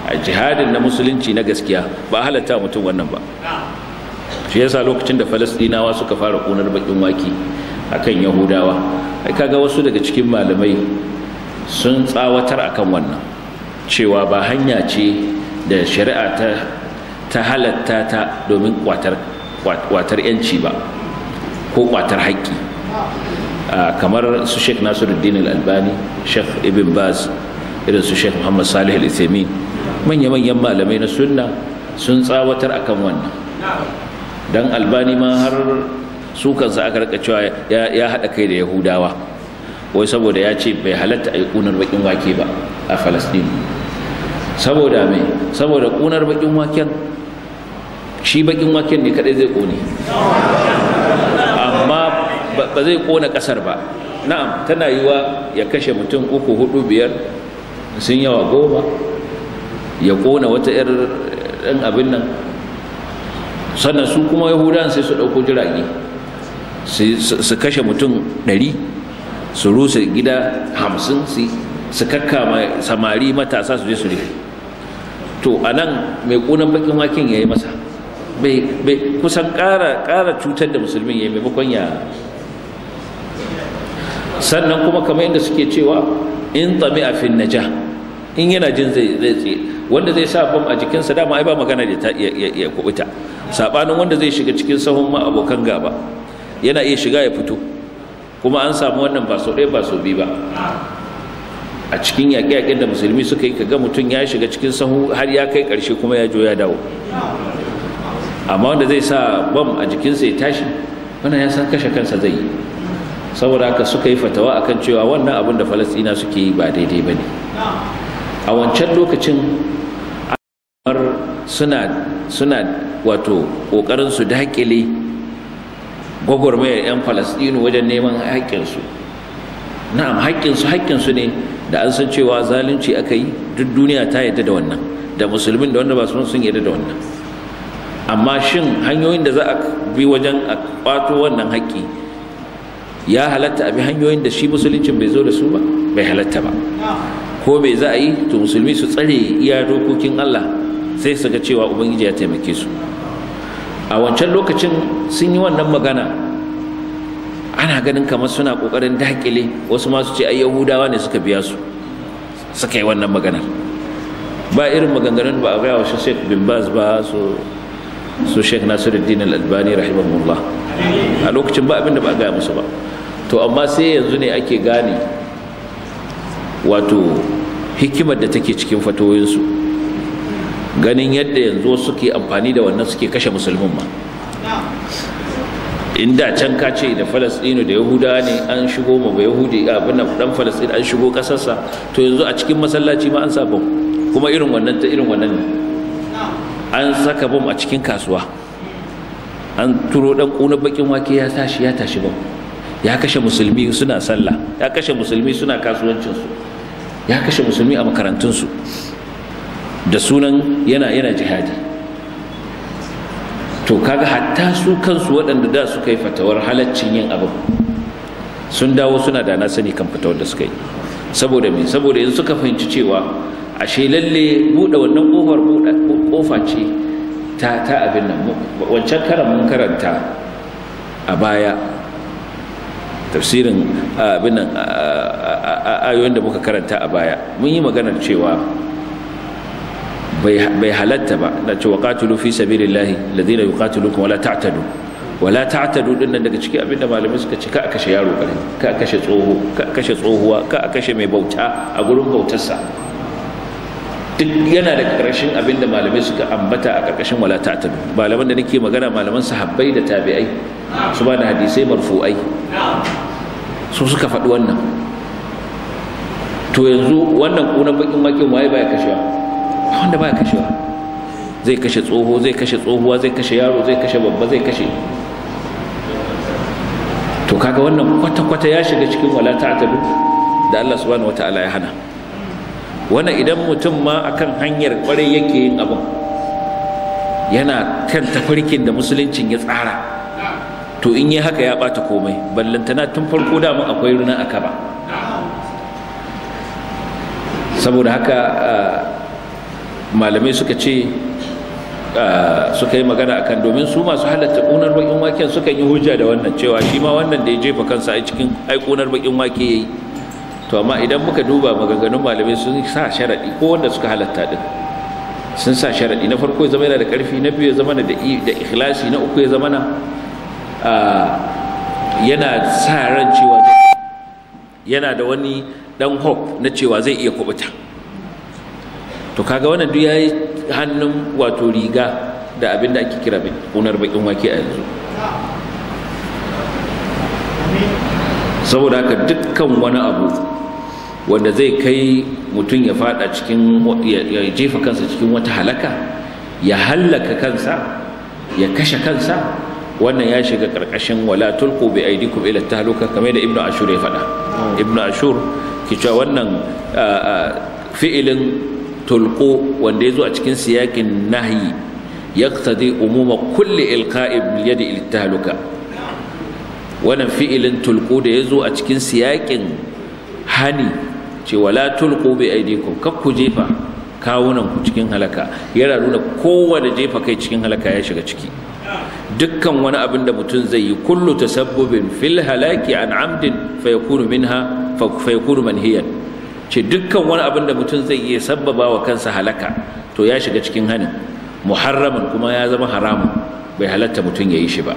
a jihadin na musulunci na gaskiya ba halatta mutum wannan ba shi yasa lokacin da falastinawa suka fara ƙunar bakin waki akan yahudawa ai kaga wasu daga cikin malamai sun tsawatar akan wannan cewa ba hanya ce da shari'a ta ta halatta ta domin kwatar kwatar yanci ba ko kwatar haƙƙi kamar su Sheikh Nasiruddin Al-Albani Sheikh Ibn Baz irin su Sheikh Muhammad Salih Al-Uthaymeen manya-manyan malamai na sunna sun tsawatar akan wannan dan albani ma har sukarsa aka raka cewa ya haɗa kai da yahudawa wai saboda ya ce bai halatta a yi ƙunar baƙin wake ba a falastin saboda mai saboda ƙunar baƙin waken shi baƙin waken ne kaɗai zai ƙone amma ba zai ƙona ƙasar ba na'am tana yiwa ya kashe mutum uku hudu biyar sun yawa goma ya ƙona wata 'yar ɗan abin nan sannan su kuma yahudan sai su ɗauko jirage su kashe mutum 100 su rusa gida 50 su kakkama samari matasa su je su rufe to a nan mai ƙunan bakin waken ya yi masa kusan ƙara cutar da musulmin ya yi maimakon ya sannan kuma kamar yadda suke cewa in tsami a fin naja in yana jin zai tsaye wanda zai sa bam a jikinsa dama ai ba magana da ta ya kubuta sabanin wanda zai shiga cikin sahun ma abokan gaba yana iya shiga ya fito kuma an samu wannan ba sau ɗaya ba sau biyu ba a cikin yaƙe-yaƙen da musulmi suka yi kaga mutum ya shiga cikin sahu har ya kai ƙarshe kuma ya jo ya dawo amma wanda zai sa bam a jikinsa ya tashi wannan ya san kashe kansa zai yi saboda haka suka yi fatawa akan cewa wannan abin da falastina suke yi ba daidai ba ne a wancan lokacin suna suna wato kokarin su daƙile gwagwarmayar 'yan falastinu wajen neman haƙƙinsu na'am haƙƙinsu haƙƙinsu ne da an san cewa zalunci aka yi duk duniya ta yadda da wannan da musulmin da wanda ba sun sun yadda da wannan amma shin hanyoyin da za a bi wajen a kwato wannan haƙƙi ya halatta a bi hanyoyin da shi musuluncin bai zo da su ba bai halatta ba ko me za a yi to musulmi su tsare iya dokokin Allah sai su ga cewa ubangiji ya taimake su a wancan lokacin sun yi wannan magana ana ganin kamar suna kokarin dakile wasu ma ce ai yahudawa ne suka biya su suka yi wannan maganar ba irin maganganun ba a gaya wa sheikh bin baz ba su su sheikh nasiruddin al-albani rahimahullah a lokacin ba abin da ba a gaya musu ba to amma sai yanzu ne ake gane wato hikimar da take cikin fatoyinsu ganin yadda yanzu suke amfani da wannan suke kashe musulmin ma inda can ka ce da falastinu da yahuda ne an shigo ma ba yahudi abin da dan falastin an shigo kasarsa to yanzu a cikin masallaci ma an sa bom kuma irin wannan ta irin wannan ne an saka bom a cikin kasuwa an turo dan kuna bakin wake ya tashi ya tashi bom ya kashe musulmi suna sallah ya kashe musulmi suna kasuwancinsu ya kashe musulmi a makarantunsu da sunan yana yana jihadi to kaga hatta su kansu waɗanda da suka yi fatawar halaccin yin abin sun dawo suna da na sani kan fatawar da suka yi saboda me saboda in suka fahimci cewa ashe lalle buɗe wannan ƙofar ƙofa ce ta ta abin nan wancan karan mun karanta a baya tafsirin abin nan ayoyin da muka karanta a baya mun yi maganar cewa bai halatta ba da cewa qatilu fi sabilillahi alladhina yuqatilukum wala ta'tadu wala ta'tadu din nan daga cikin da malamai suka ce ka kashe yaro kare ka kashe tsoho ka kashe tsohuwa ka kashe mai bauta a gurin bautarsa duk yana da karshen da malamai suka ambata a karkashin wala ta'tadu malaman da nake magana malaman sahabbai da tabi'ai su ba da hadisai marfu'ai su suka faɗi wannan to yanzu wannan ƙunan bakin makin waye baya kashewa wanda ya kashewa zai kashe tsoho zai kashe tsohuwa zai kashe yaro zai kashe babba zai kashe to kaga wannan kwata-kwata ya shiga cikin walata ta ta'tadu da Allah subhanahu wata'ala ya hana wannan idan mutum ma akan hanyar kwarai yake yin abu yana kan tafarkin da musuluncin ya tsara to in yi haka ya bata komai ballantana tun farko da mu akwai runa aka ba. saboda haka malamai suka ce ah, suka yi magana akan domin su masu halatta kunar bakin waken suka yi hujja da wannan cewa shi ma wannan da ya jefa kansa a cikin ai ƙunar bakin wake yayi to amma idan muka duba maganganun malamai sun sa sharadi ko wanda suka halatta din sun sa sharadi na farko ya zama yana da ƙarfi na biyu ya zama da da ikhlasi na uku ya zama ah, yana sa ran cewa yana da wani dan hope na cewa zai iya kubuta to kaga wannan duk yayi hannun wato riga da abin da ake kira unar bakin wake a yanzu saboda haka dukkan wani abu wanda zai kai mutum ya fada cikin ya jefa kansa cikin wata halaka ya hallaka kansa ya kashe kansa wannan ya shiga karkashin wala tulqu bi aydikum ila tahluka kamar da ibnu ashur ya fada ibnu ashur ki cewa wannan fi'ilin tulko wanda zo a cikin siyakin nahyi yaqtadi umuma kulli ilqa'i bil yadi wannan fi'ilin tulko da ya zo a cikin siyakin hani ce wala tulko bai aydikum kak ku jefa kawunan ku cikin halaka yana nuna kowane jefa kai cikin halaka ya shiga ciki dukkan wani abin da mutum zai yi kullu tasabbubin fil halaki an amdin fa yakunu minha fa yakunu manhiyan ce dukkan wani abin da mutum zai iya sabbaba wa kansa halaka to ya shiga cikin hanin muharramin kuma ya zama haramun bai halatta mutum ya yi shi ba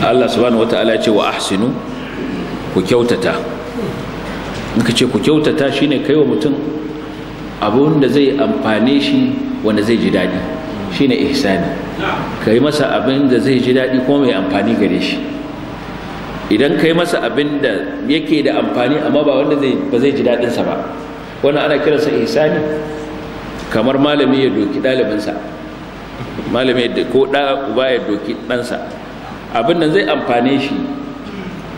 Allah subhanahu wata'ala ya ce wa ahsinu ku kyautata muka ce ku kyautata shine kai wa mutum abun da zai amfane shi wanda zai ji daɗi shine ihsani kai masa abin da zai ji daɗi kuma mai amfani gare shi idan kai masa abin da yake da amfani amma ba wanda ba zai ji daɗinsa ba wani ana kiransa ihsani kamar malami ya doki ɗalibinsa malami ko ɗa uba ya doki ɗansa abin nan zai amfane shi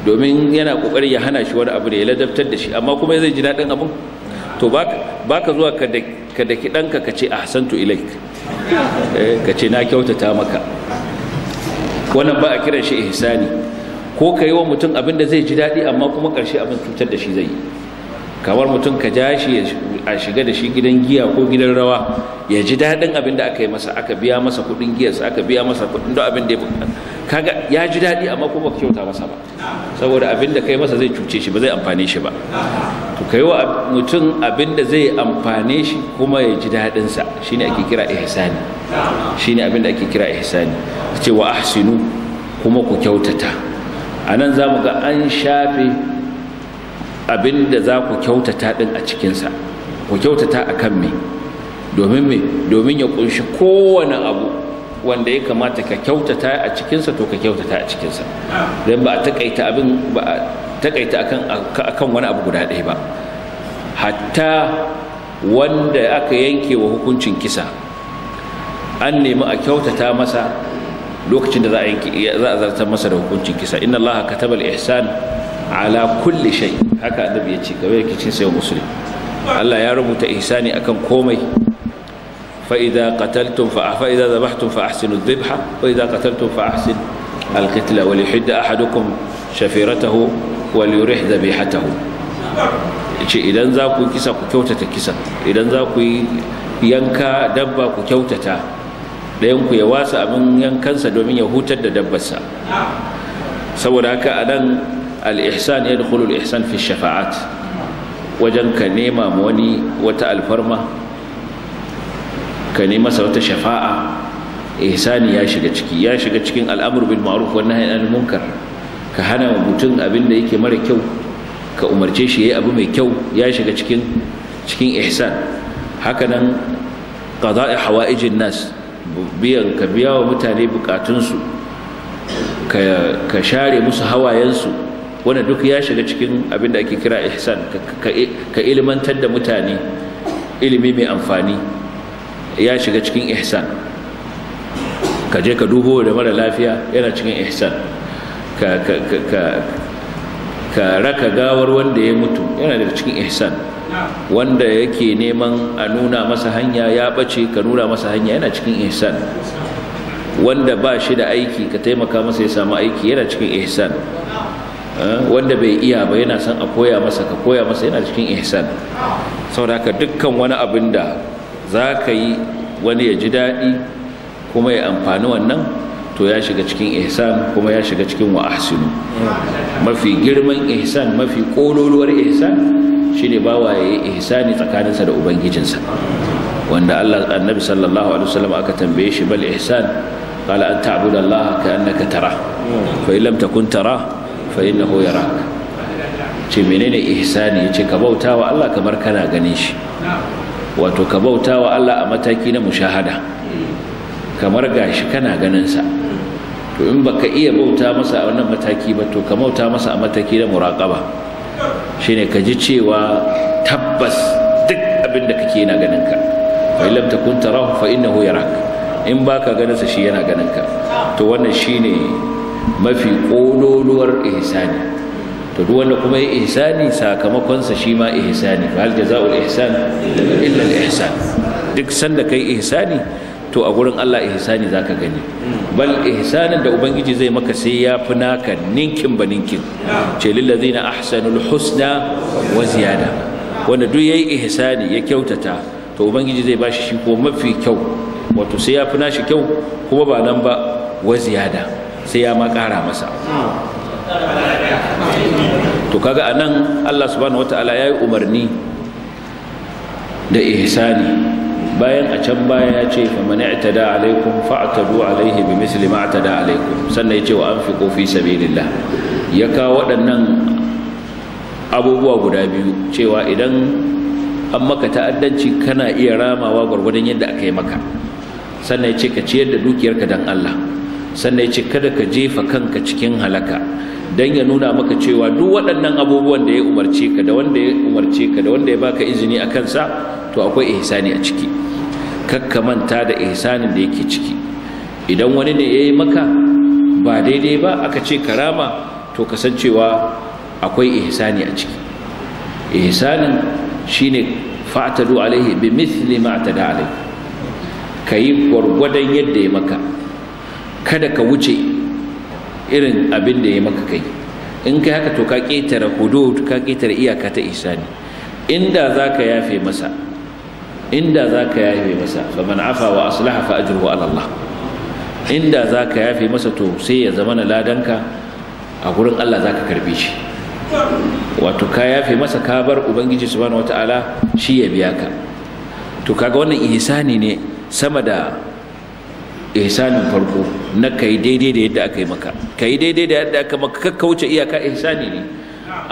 domin yana ƙoƙari ya hana shi wani abu da ya ladabtar da shi amma kuma zai ji daɗin abin to ba ka zuwa ka daki ɗanka ka ce ahsantu ilaik eh, ka ce na kyautata maka wannan ba a kiran shi ihsani ko ka yi wa mutum abin da zai ji daɗi amma kuma ƙarshe abin cutar da shi zai yi kamar mutum ka ja shi a shiga da shi gidan giya ko gidan rawa ya ji daɗin abin da aka yi masa aka biya masa kuɗin sa, aka biya masa kuɗin da abin da ya kaga ya ji daɗi amma ko ba kyauta masa ba saboda abin da kai masa zai cuce shi ba zai amfane shi ba to kai wa mutum abin da zai amfane shi kuma ya ji daɗin sa shine ake kira ihsani shine abin da ake kira ihsani ce wa ahsinu kuma ku kyautata a nan za mu ga an shafe abin da za ku kyautata ɗin a cikinsa ku kyautata a kan me domin me domin ya ƙunshi kowane abu wanda ya kamata ka kyautata a cikinsa to ka kyautata a cikinsa don ba a takaita abin ba a akan akan wani abu guda ɗaya ba hatta wanda aka yanke wa hukuncin kisa an nemi a kyautata masa lokacin da za a zartar masa da hukuncin kisa inna allaha kataba al-ihsan ala kulli shay haka annabi ya ce kawai yake cin sayan muslim Allah ya rubuta ihsani akan komai fa idza qataltum fa fa idza dhabhtum fa ahsinu adh-dhabha wa idza qataltum fa ahsin al-qitla wa lihidda ahadukum shafiratahu wa liyurih dhabihatahu ce idan za ku kisa ku kyautata kisa idan za ku yanka dabba ku kyautata ɗayan ku ya wasa abin yankansa domin ya hutar da dabbarsa saboda haka a nan al-ihsan ya dukulu al-ihsan fi shafa'at wajen ka nema ma wani wata alfarma ka nema sa wata shafa'a ihsani ya shiga ciki ya shiga cikin al'amur bil ma'ruf wani nahyi munkar ka hana mutum abin da yake mara kyau ka umarce shi yayi abu mai kyau ya shiga cikin cikin ihsan haka nan qada'i hawaijin nas ka biya wa mutane bukatunsu ka share musu hawayensu wanda duk ya shiga cikin abin da ake kira ihsan ka ilimantar da mutane ilimi mai amfani ya shiga cikin ihsan ka je ka dubo da mara lafiya yana cikin ihsan ka raka gawar wanda ya mutu yana daga cikin ihsan wanda yake neman a nuna masa hanya ya bace ka nuna masa hanya yana cikin ihsan wanda ba shi da aiki ka taimaka masa ya samu aiki yana cikin ihsan eh, wanda bai iya ba yana son a koya masa ka koya masa yana cikin ihsan saboda haka dukkan wani abin da za ka yi wani ya ji daɗi kuma ya amfani wannan to ya shiga cikin ihsan kuma ya shiga cikin wa ahsinu mafi girman ihsan mafi kololuwar ihsan shine bawa yayi ihsani tsakaninsa da ubangijinsa wanda Allah annabi sallallahu alaihi wasallam aka tambaye shi bal ihsan qala an ta'budu Allah ka'annaka tara fa in takun tara fa innahu yarak ce menene ihsani yace ka bauta Allah kamar kana ganin shi wato ka bauta Allah a mataki na mushahada kamar gashi kana ganin sa to in baka iya bauta masa a wannan mataki ba to ka bauta masa a mataki na muraƙaba shine ka ji cewa tabbas duk abin da kake yana ganin ka fa illam takun tarahu fa innahu yarak in baka ganin sa shi yana ganin ka to wannan shine mafi kololuwar ihsani to duk wanda kuma yayi ihsani sakamakon sa shi ma ihsani fa hal jazaa'ul ihsan illa al ihsan duk sanda kai ihsani to a gurin Allah ihsani zaka gani bal ihsanin da ubangiji zai maka sai ya fi naka ninkin ba ninkin ce lillazina ahsanul husna wa ziyada wanda duk yayi ihsani ya kyautata to ubangiji zai bashi shi ko mafi kyau wato sai ya fi nashi kyau kuma ba nan ba wa ziyada sai ya ma ƙara masa to kaga anan Allah subhanahu wataala yayi umarni da ihsani bayan a can baya ya ce fa man i'tada alaikum fa'tadu alaihi bi misli ma'ata da alaikun sannan ya ce wa an fi kofi lilla ya kawo waɗannan abubuwa guda biyu cewa idan an maka ta'addanci kana iya ramawa gwargwadon yadda aka yi maka sannan ya ce ka ciyar da dukiyarka don Allah sannan ya ce kada ka jefa kanka cikin halaka don ya nuna maka cewa duk waɗannan abubuwan da ya umarce ka da wanda ya umarce ka da wanda ya baka izini a kansa to akwai ihsani a ciki kakka manta da ihsanin da yake ciki idan wani ne ya yi maka ba daidai ba aka ce karama to kasancewa akwai ihsani a ciki ihsanin shine fa'tadu alaihi bi mithli ma atada alaihi yi gwargwadon yadda ya maka kada ka wuce irin abin da ya maka kai in kai haka to ka ƙetare hudud ka ƙetare iyaka ta ihsani inda zaka yafe masa inda za ka yafe masa faman afa wa aslaha fa ajruhu ala Allah inda za ka yafe masa to sai ya zama na ladanka a gurin Allah za ka shi wato ka yafe masa ka bar ubangiji subhanahu wataala shi ya biya ka to kaga wannan ihsani ne sama da ihsanin farko na kai daidai da yadda aka yi maka kai daidai da yadda aka maka kakka wuce iyaka ihsani ne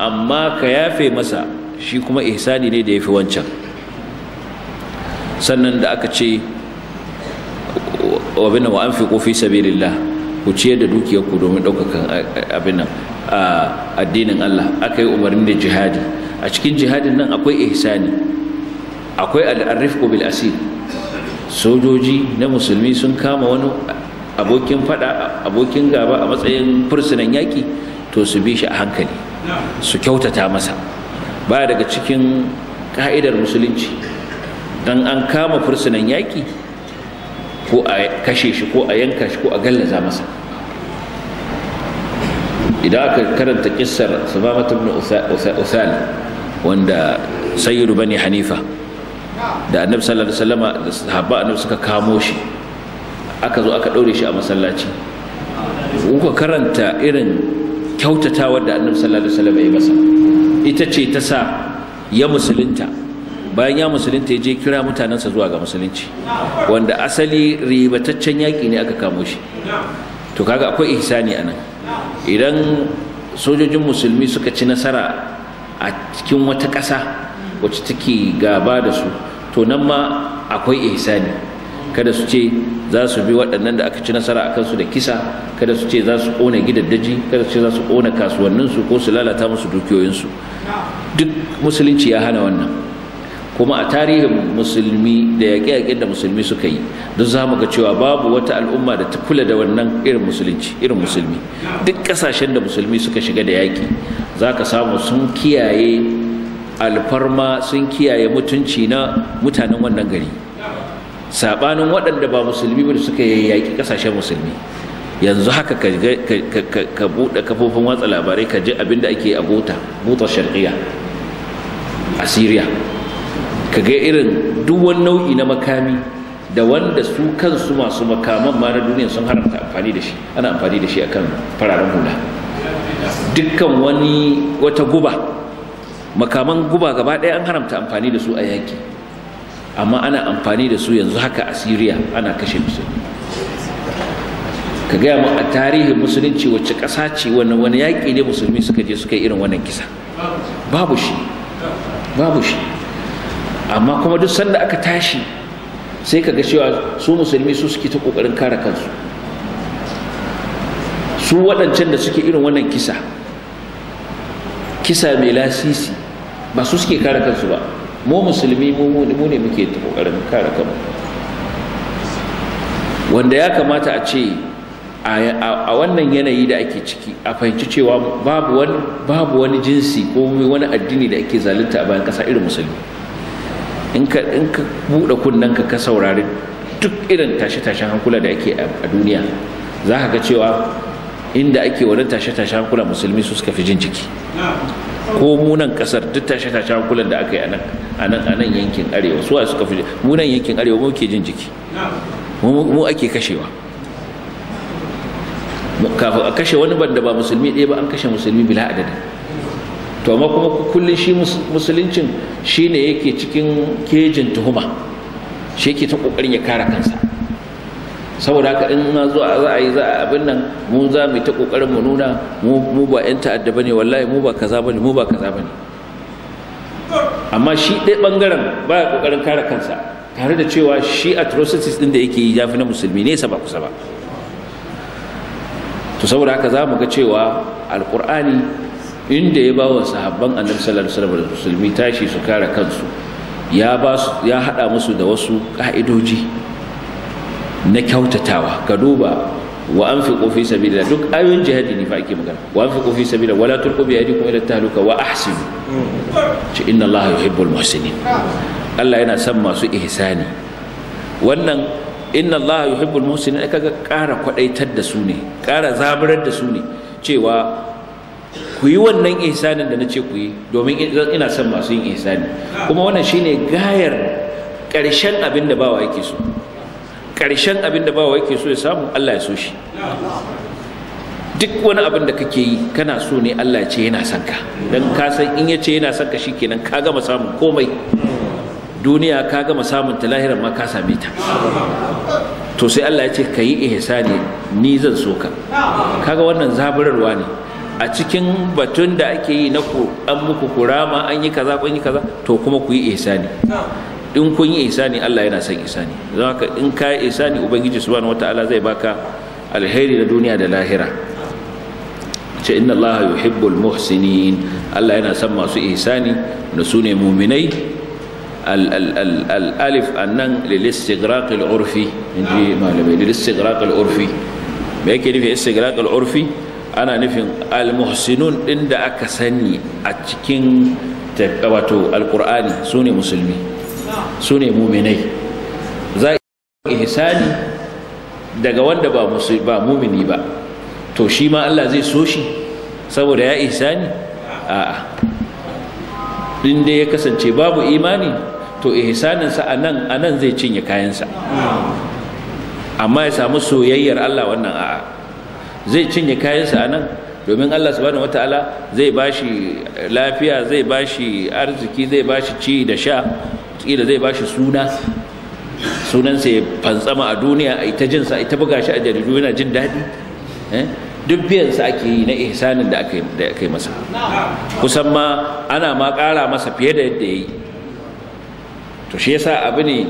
amma ka yafe masa shi kuma ihsani ne da yafi wancan sannan da aka ce abin wa an fi sabilillah ku ciyar da dukiyarku domin ɗaukakan abin a addinin Allah aka yi umarni da jihadi a cikin jihadin nan akwai ihsani akwai al'arif bil asir sojoji na musulmi sun kama wani abokin fada abokin gaba a matsayin fursunan yaƙi to su bi shi a hankali su kyautata masa ba daga cikin ka'idar musulunci dan an kama fursunan yaƙi ko a kashe shi ko a yanka shi ko a gallaza masa idan aka karanta kissar sumamata ibn usal wanda sayyidu bani hanifa da annabi sallallahu alaihi wasallama da sahabba annabi suka kamo shi aka zo aka ɗaure shi a masallaci kuka karanta irin kyautatawar da annabi sallallahu alaihi wasallam ya yi masa ita ce ta sa ya musulunta bayan ya musulunta ya je kira mutanensa zuwa ga musulunci wanda asali ribataccen yaƙi ne aka kamo shi to kaga akwai ihsani a nan idan sojojin musulmi suka ci nasara a cikin wata ƙasa wacce take gaba da su to nan ma akwai ihsani kada su ce za su bi waɗannan da aka ci nasara a kansu da kisa kada su ce za su ƙona gidaddaji kada su ce za su ƙona kasuwanninsu ko su lalata musu dukiyoyinsu duk musulunci ya hana wannan kuma a tarihin musulmi da yaƙe-yaƙen da musulmi suka yi duk za mu ga cewa babu wata al'umma da ta kula da wannan irin musulunci irin musulmi duk ƙasashen da musulmi suka shiga da yaƙi za ka samu sun kiyaye alfarma sun kiyaye mutunci na mutanen wannan gari saɓanin waɗanda ba musulmi ba da suka yaƙi ƙasashen musulmi yanzu haka ka buɗe kafofin watsa labarai ka ji abin da ake a gota gota sharqiya a syria ka ga irin duk wani nau'i na makami da wanda su kansu masu makaman ma na duniya sun haramta amfani da shi ana amfani da shi akan fararen hula dukkan wani wata guba makaman guba gaba ɗaya an haramta amfani da su a yaki amma ana amfani da su yanzu haka a Siriya ana kashe musulmi ka gaya mu a tarihin musulunci wacce ƙasa ce wannan wani yaƙi ne musulmi suka je suka yi irin wannan kisa babu shi babu shi amma kuma duk sanda aka tashi sai ka ga cewa su musulmi su suke ta kokarin kare kansu su waɗancan da suke irin wannan kisa kisa mai lasisi ba su suke kare kansu ba mu musulmi mu ne muke ta kokarin kare kanmu wanda ya kamata a ce a wannan yanayi da ake ciki a fahimci cewa babu wani jinsi ko wani addini da ake zalunta a bayan ƙasa irin musulmi in ka in ka buɗe kunnen ka ka saurari duk irin tashe-tashen hankula da ake a duniya za ka ga cewa inda ake wannan tashe-tashen hankula musulmi su suka fi jin ciki ko munan kasar duk tashe tashen hankulan da aka yi a nan a nan yankin arewa su suka fi munan yankin arewa mu ke jin jiki mu ake kashewa kafin a kashe wani banda ba musulmi ɗaya ba an kashe musulmi bila adadin to amma kuma kullum shi musuluncin shi ne yake cikin kejin tuhuma shi yake ta kokarin ya kare kansa saboda haka in na zo za a yi za a abin nan mu za mu ta kokarin mu nuna mu ba yan ta'adda bane wallahi mu ba kaza bane mu ba kaza bane amma shi ɗaya bangaren ba ya kokarin kare kansa tare da cewa shi atrocities din da yake yi fi na musulmi ne sa ba kusa ba to saboda haka za mu ga cewa alkur'ani inda ya ba wa sahabban annabi sallallahu alaihi wasallam musulmi tashi su kare kansu ya ba ya hada musu da wasu ka'idoji na kyautatawa ka duba wa anfiqu fi sabilillah duk ayoyin jihadi ne fa ake magana wa anfiqu fi sabilillah wala tulqu bi aydikum ila tahluka wa ahsinu ce inna allaha yuhibbul muhsinin Allah yana son masu ihsani wannan inna allaha yuhibbul muhsinin kaga kara kwadaitar da su ne Kara zaburar da su ne cewa ku yi wannan ihsanin da na ce ku yi domin ina son masu yin ihsani kuma wannan shine gayar ƙarshen abin da bawa yake so ƙarshen abin da bawa yake so ya samu Allah ya so shi duk wani abin da kake yi kana so ne Allah ya ce yana son ka dan ka san in ya ce yana son ka shikenan ka gama samun komai duniya ka gama samun ta lahiran ma ka same ta to sai Allah ya ce ka ihsani ni zan so ka kaga wannan zaburarwa ne a cikin batun da ake yi na ku an muku kurama an yi kaza an yi kaza to kuma ku yi ihsani in kun yi ihsani Allah yana son ihsani don haka in ka yi ihsani ubangiji subhanahu wataala zai baka alheri na duniya da lahira ce inna Allah yuhibbul muhsinin Allah yana son masu ihsani da su ne muminai al-alif annan lil istigraq al-urfi inji malamai lil istigraq al-urfi me yake nufi istigraq al-urfi ana nufin almuhsinun ɗin da aka sani a cikin wato alƙur'ani su ne musulmi su ne muminai za a ihsani daga wanda ba mumini ba to shi ma Allah zai so shi saboda ya ihsani a'a ɗin dai ya kasance babu imani to ihsaninsa a nan zai cinye kayansa amma ya samu soyayyar Allah wannan a'a zai cinye kayansa a nan domin Allah subhanahu wataala zai bashi lafiya zai bashi arziki zai bashi ci da sha kila zai bashi suna sunansa ya fantsama a duniya a ita jinsa ita buga shi a jaridu yana jin daɗi eh? duk biyansa ake yi na ihsanin da aka yi masa kusan ma ana ma ƙara masa fiye da yadda ya yi to shi yasa abu ne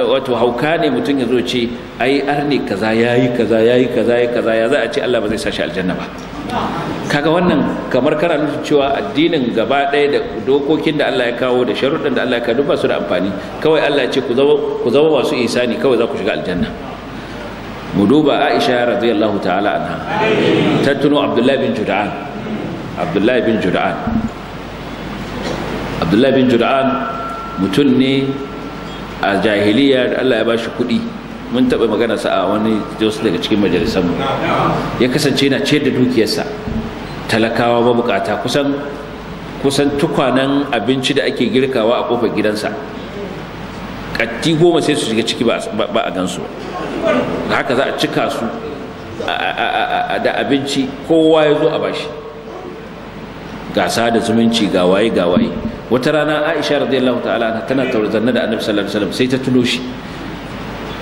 wato hauka ne mutum ya zo ce ai arni kaza yayi kaza yayi kaza yayi kaza ya za a ce Allah ba zai sashi aljanna ba kaga wannan kamar kana nufin cewa addinin gaba ɗaya da dokokin da Allah ya kawo da sharuɗan da Allah ya kawo duk ba su da amfani kawai Allah ya ce ku zama ku zama masu ihsani kawai za ku shiga aljanna mu duba Aisha radiyallahu ta'ala anha tattuno Abdullah bin Jud'an Abdullah bin Jud'an Abdullah bin Jud'an mutum ne a jahiliya da Allah ya ba shi kuɗi mun taɓa magana sa a wani wasu daga cikin majalisanmu ya kasance yana ciyar da dukiyarsa talakawa mabukata kusan kusan tukwanen abinci da ake girkawa a kofar gidansa katti goma sai su shiga ciki ba a gansu haka za a cika su da abinci kowa ya zo a bashi gasa da zumunci ga waye ga waye wata rana aisha radiyallahu ta'ala tana taurzanna da annabi sallallahu alaihi wasallam sai ta tuno shi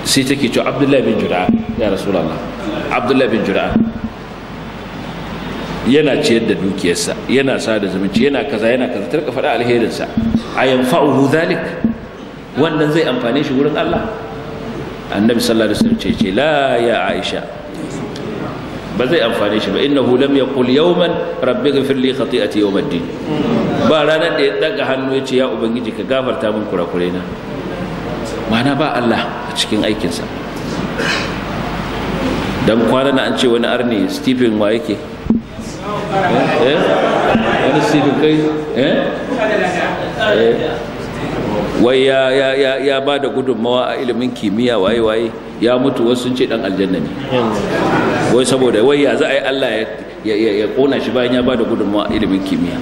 sai take cewa abdullahi bin jura'a ya rasulullah abdullahi bin jura'a yana ciyar da dukiyarsa yana sa da zumunci yana kaza yana kaza tarka faɗa alherinsa a yanfa'uhu zalik wannan zai amfane shi wurin Allah annabi sallallahu alaihi wasallam ce la ya aisha ba zai amfane shi ba hu lam yaqul yawman rabbi ighfir li khati'ati yawm ad-din ba ranar da ya daga hannu ya ce ya ubangiji ka gafarta min kurakure na ma'ana ba Allah a cikin aikinsa dan kwana na an ce wani arni Stephen wa yake eh wani Stephen kai eh, eh? wai ya ya ya ba da gudunmawa a ilimin kimiyya waye waye ya mutu wasu sun ce dan aljanna ne wai saboda wai ya za a yi Allah ya kona shi bayan ya ba da gudunmawa ilimin kimiyya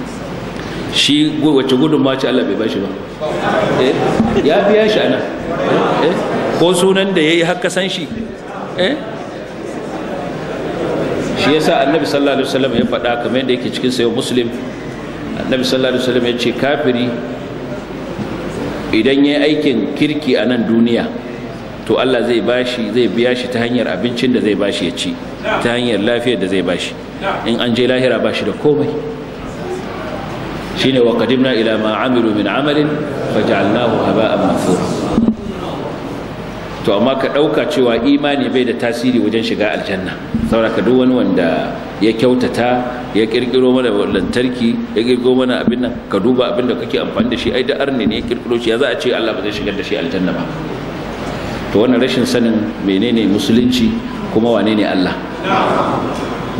shi wacce gudunmawa ce Allah bai ba shi eh, ba ya biya shi ana eh, ko sunan da ya yi haka san shi eh? shi ya sa annabi sallallahu alaihi wasallam ya faɗa kamar yadda yake cikin sayo muslim annabi sallallahu alaihi wasallam ya ce kafiri idan ya yi aikin kirki a nan duniya to Allah zai bashi zai biya shi ta hanyar abincin da zai bashi ya ci ta hanyar lafiyar da zai bashi in an je lahira bashi da komai shine wa qadimna ila ma amilu min amalin faj'alnahu haba'an mansura to amma ka dauka cewa imani bai da tasiri wajen shiga aljanna saboda duk wani wanda ya kyautata ya kirkiro mana lantarki ya kirkiro mana abin nan ka duba abin da kake amfani da shi ai da arne ne ya kirkiro shi ya za a ce Allah ba zai shigar da shi aljanna ba to wannan rashin sanin menene musulunci kuma wane ne Allah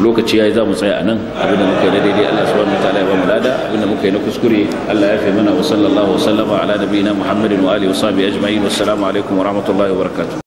lokaci yayi za mu tsaya nan abinda muka yi daidai Allah subhanahu wataala ya ba mu lada abinda muka yi na kuskure Allah ya fi mana wa sallallahu wa sallama ala nabiyina Muhammadin wa alihi wa sahbihi ajma'in wassalamu alaikum wa rahmatullahi wa barakatuh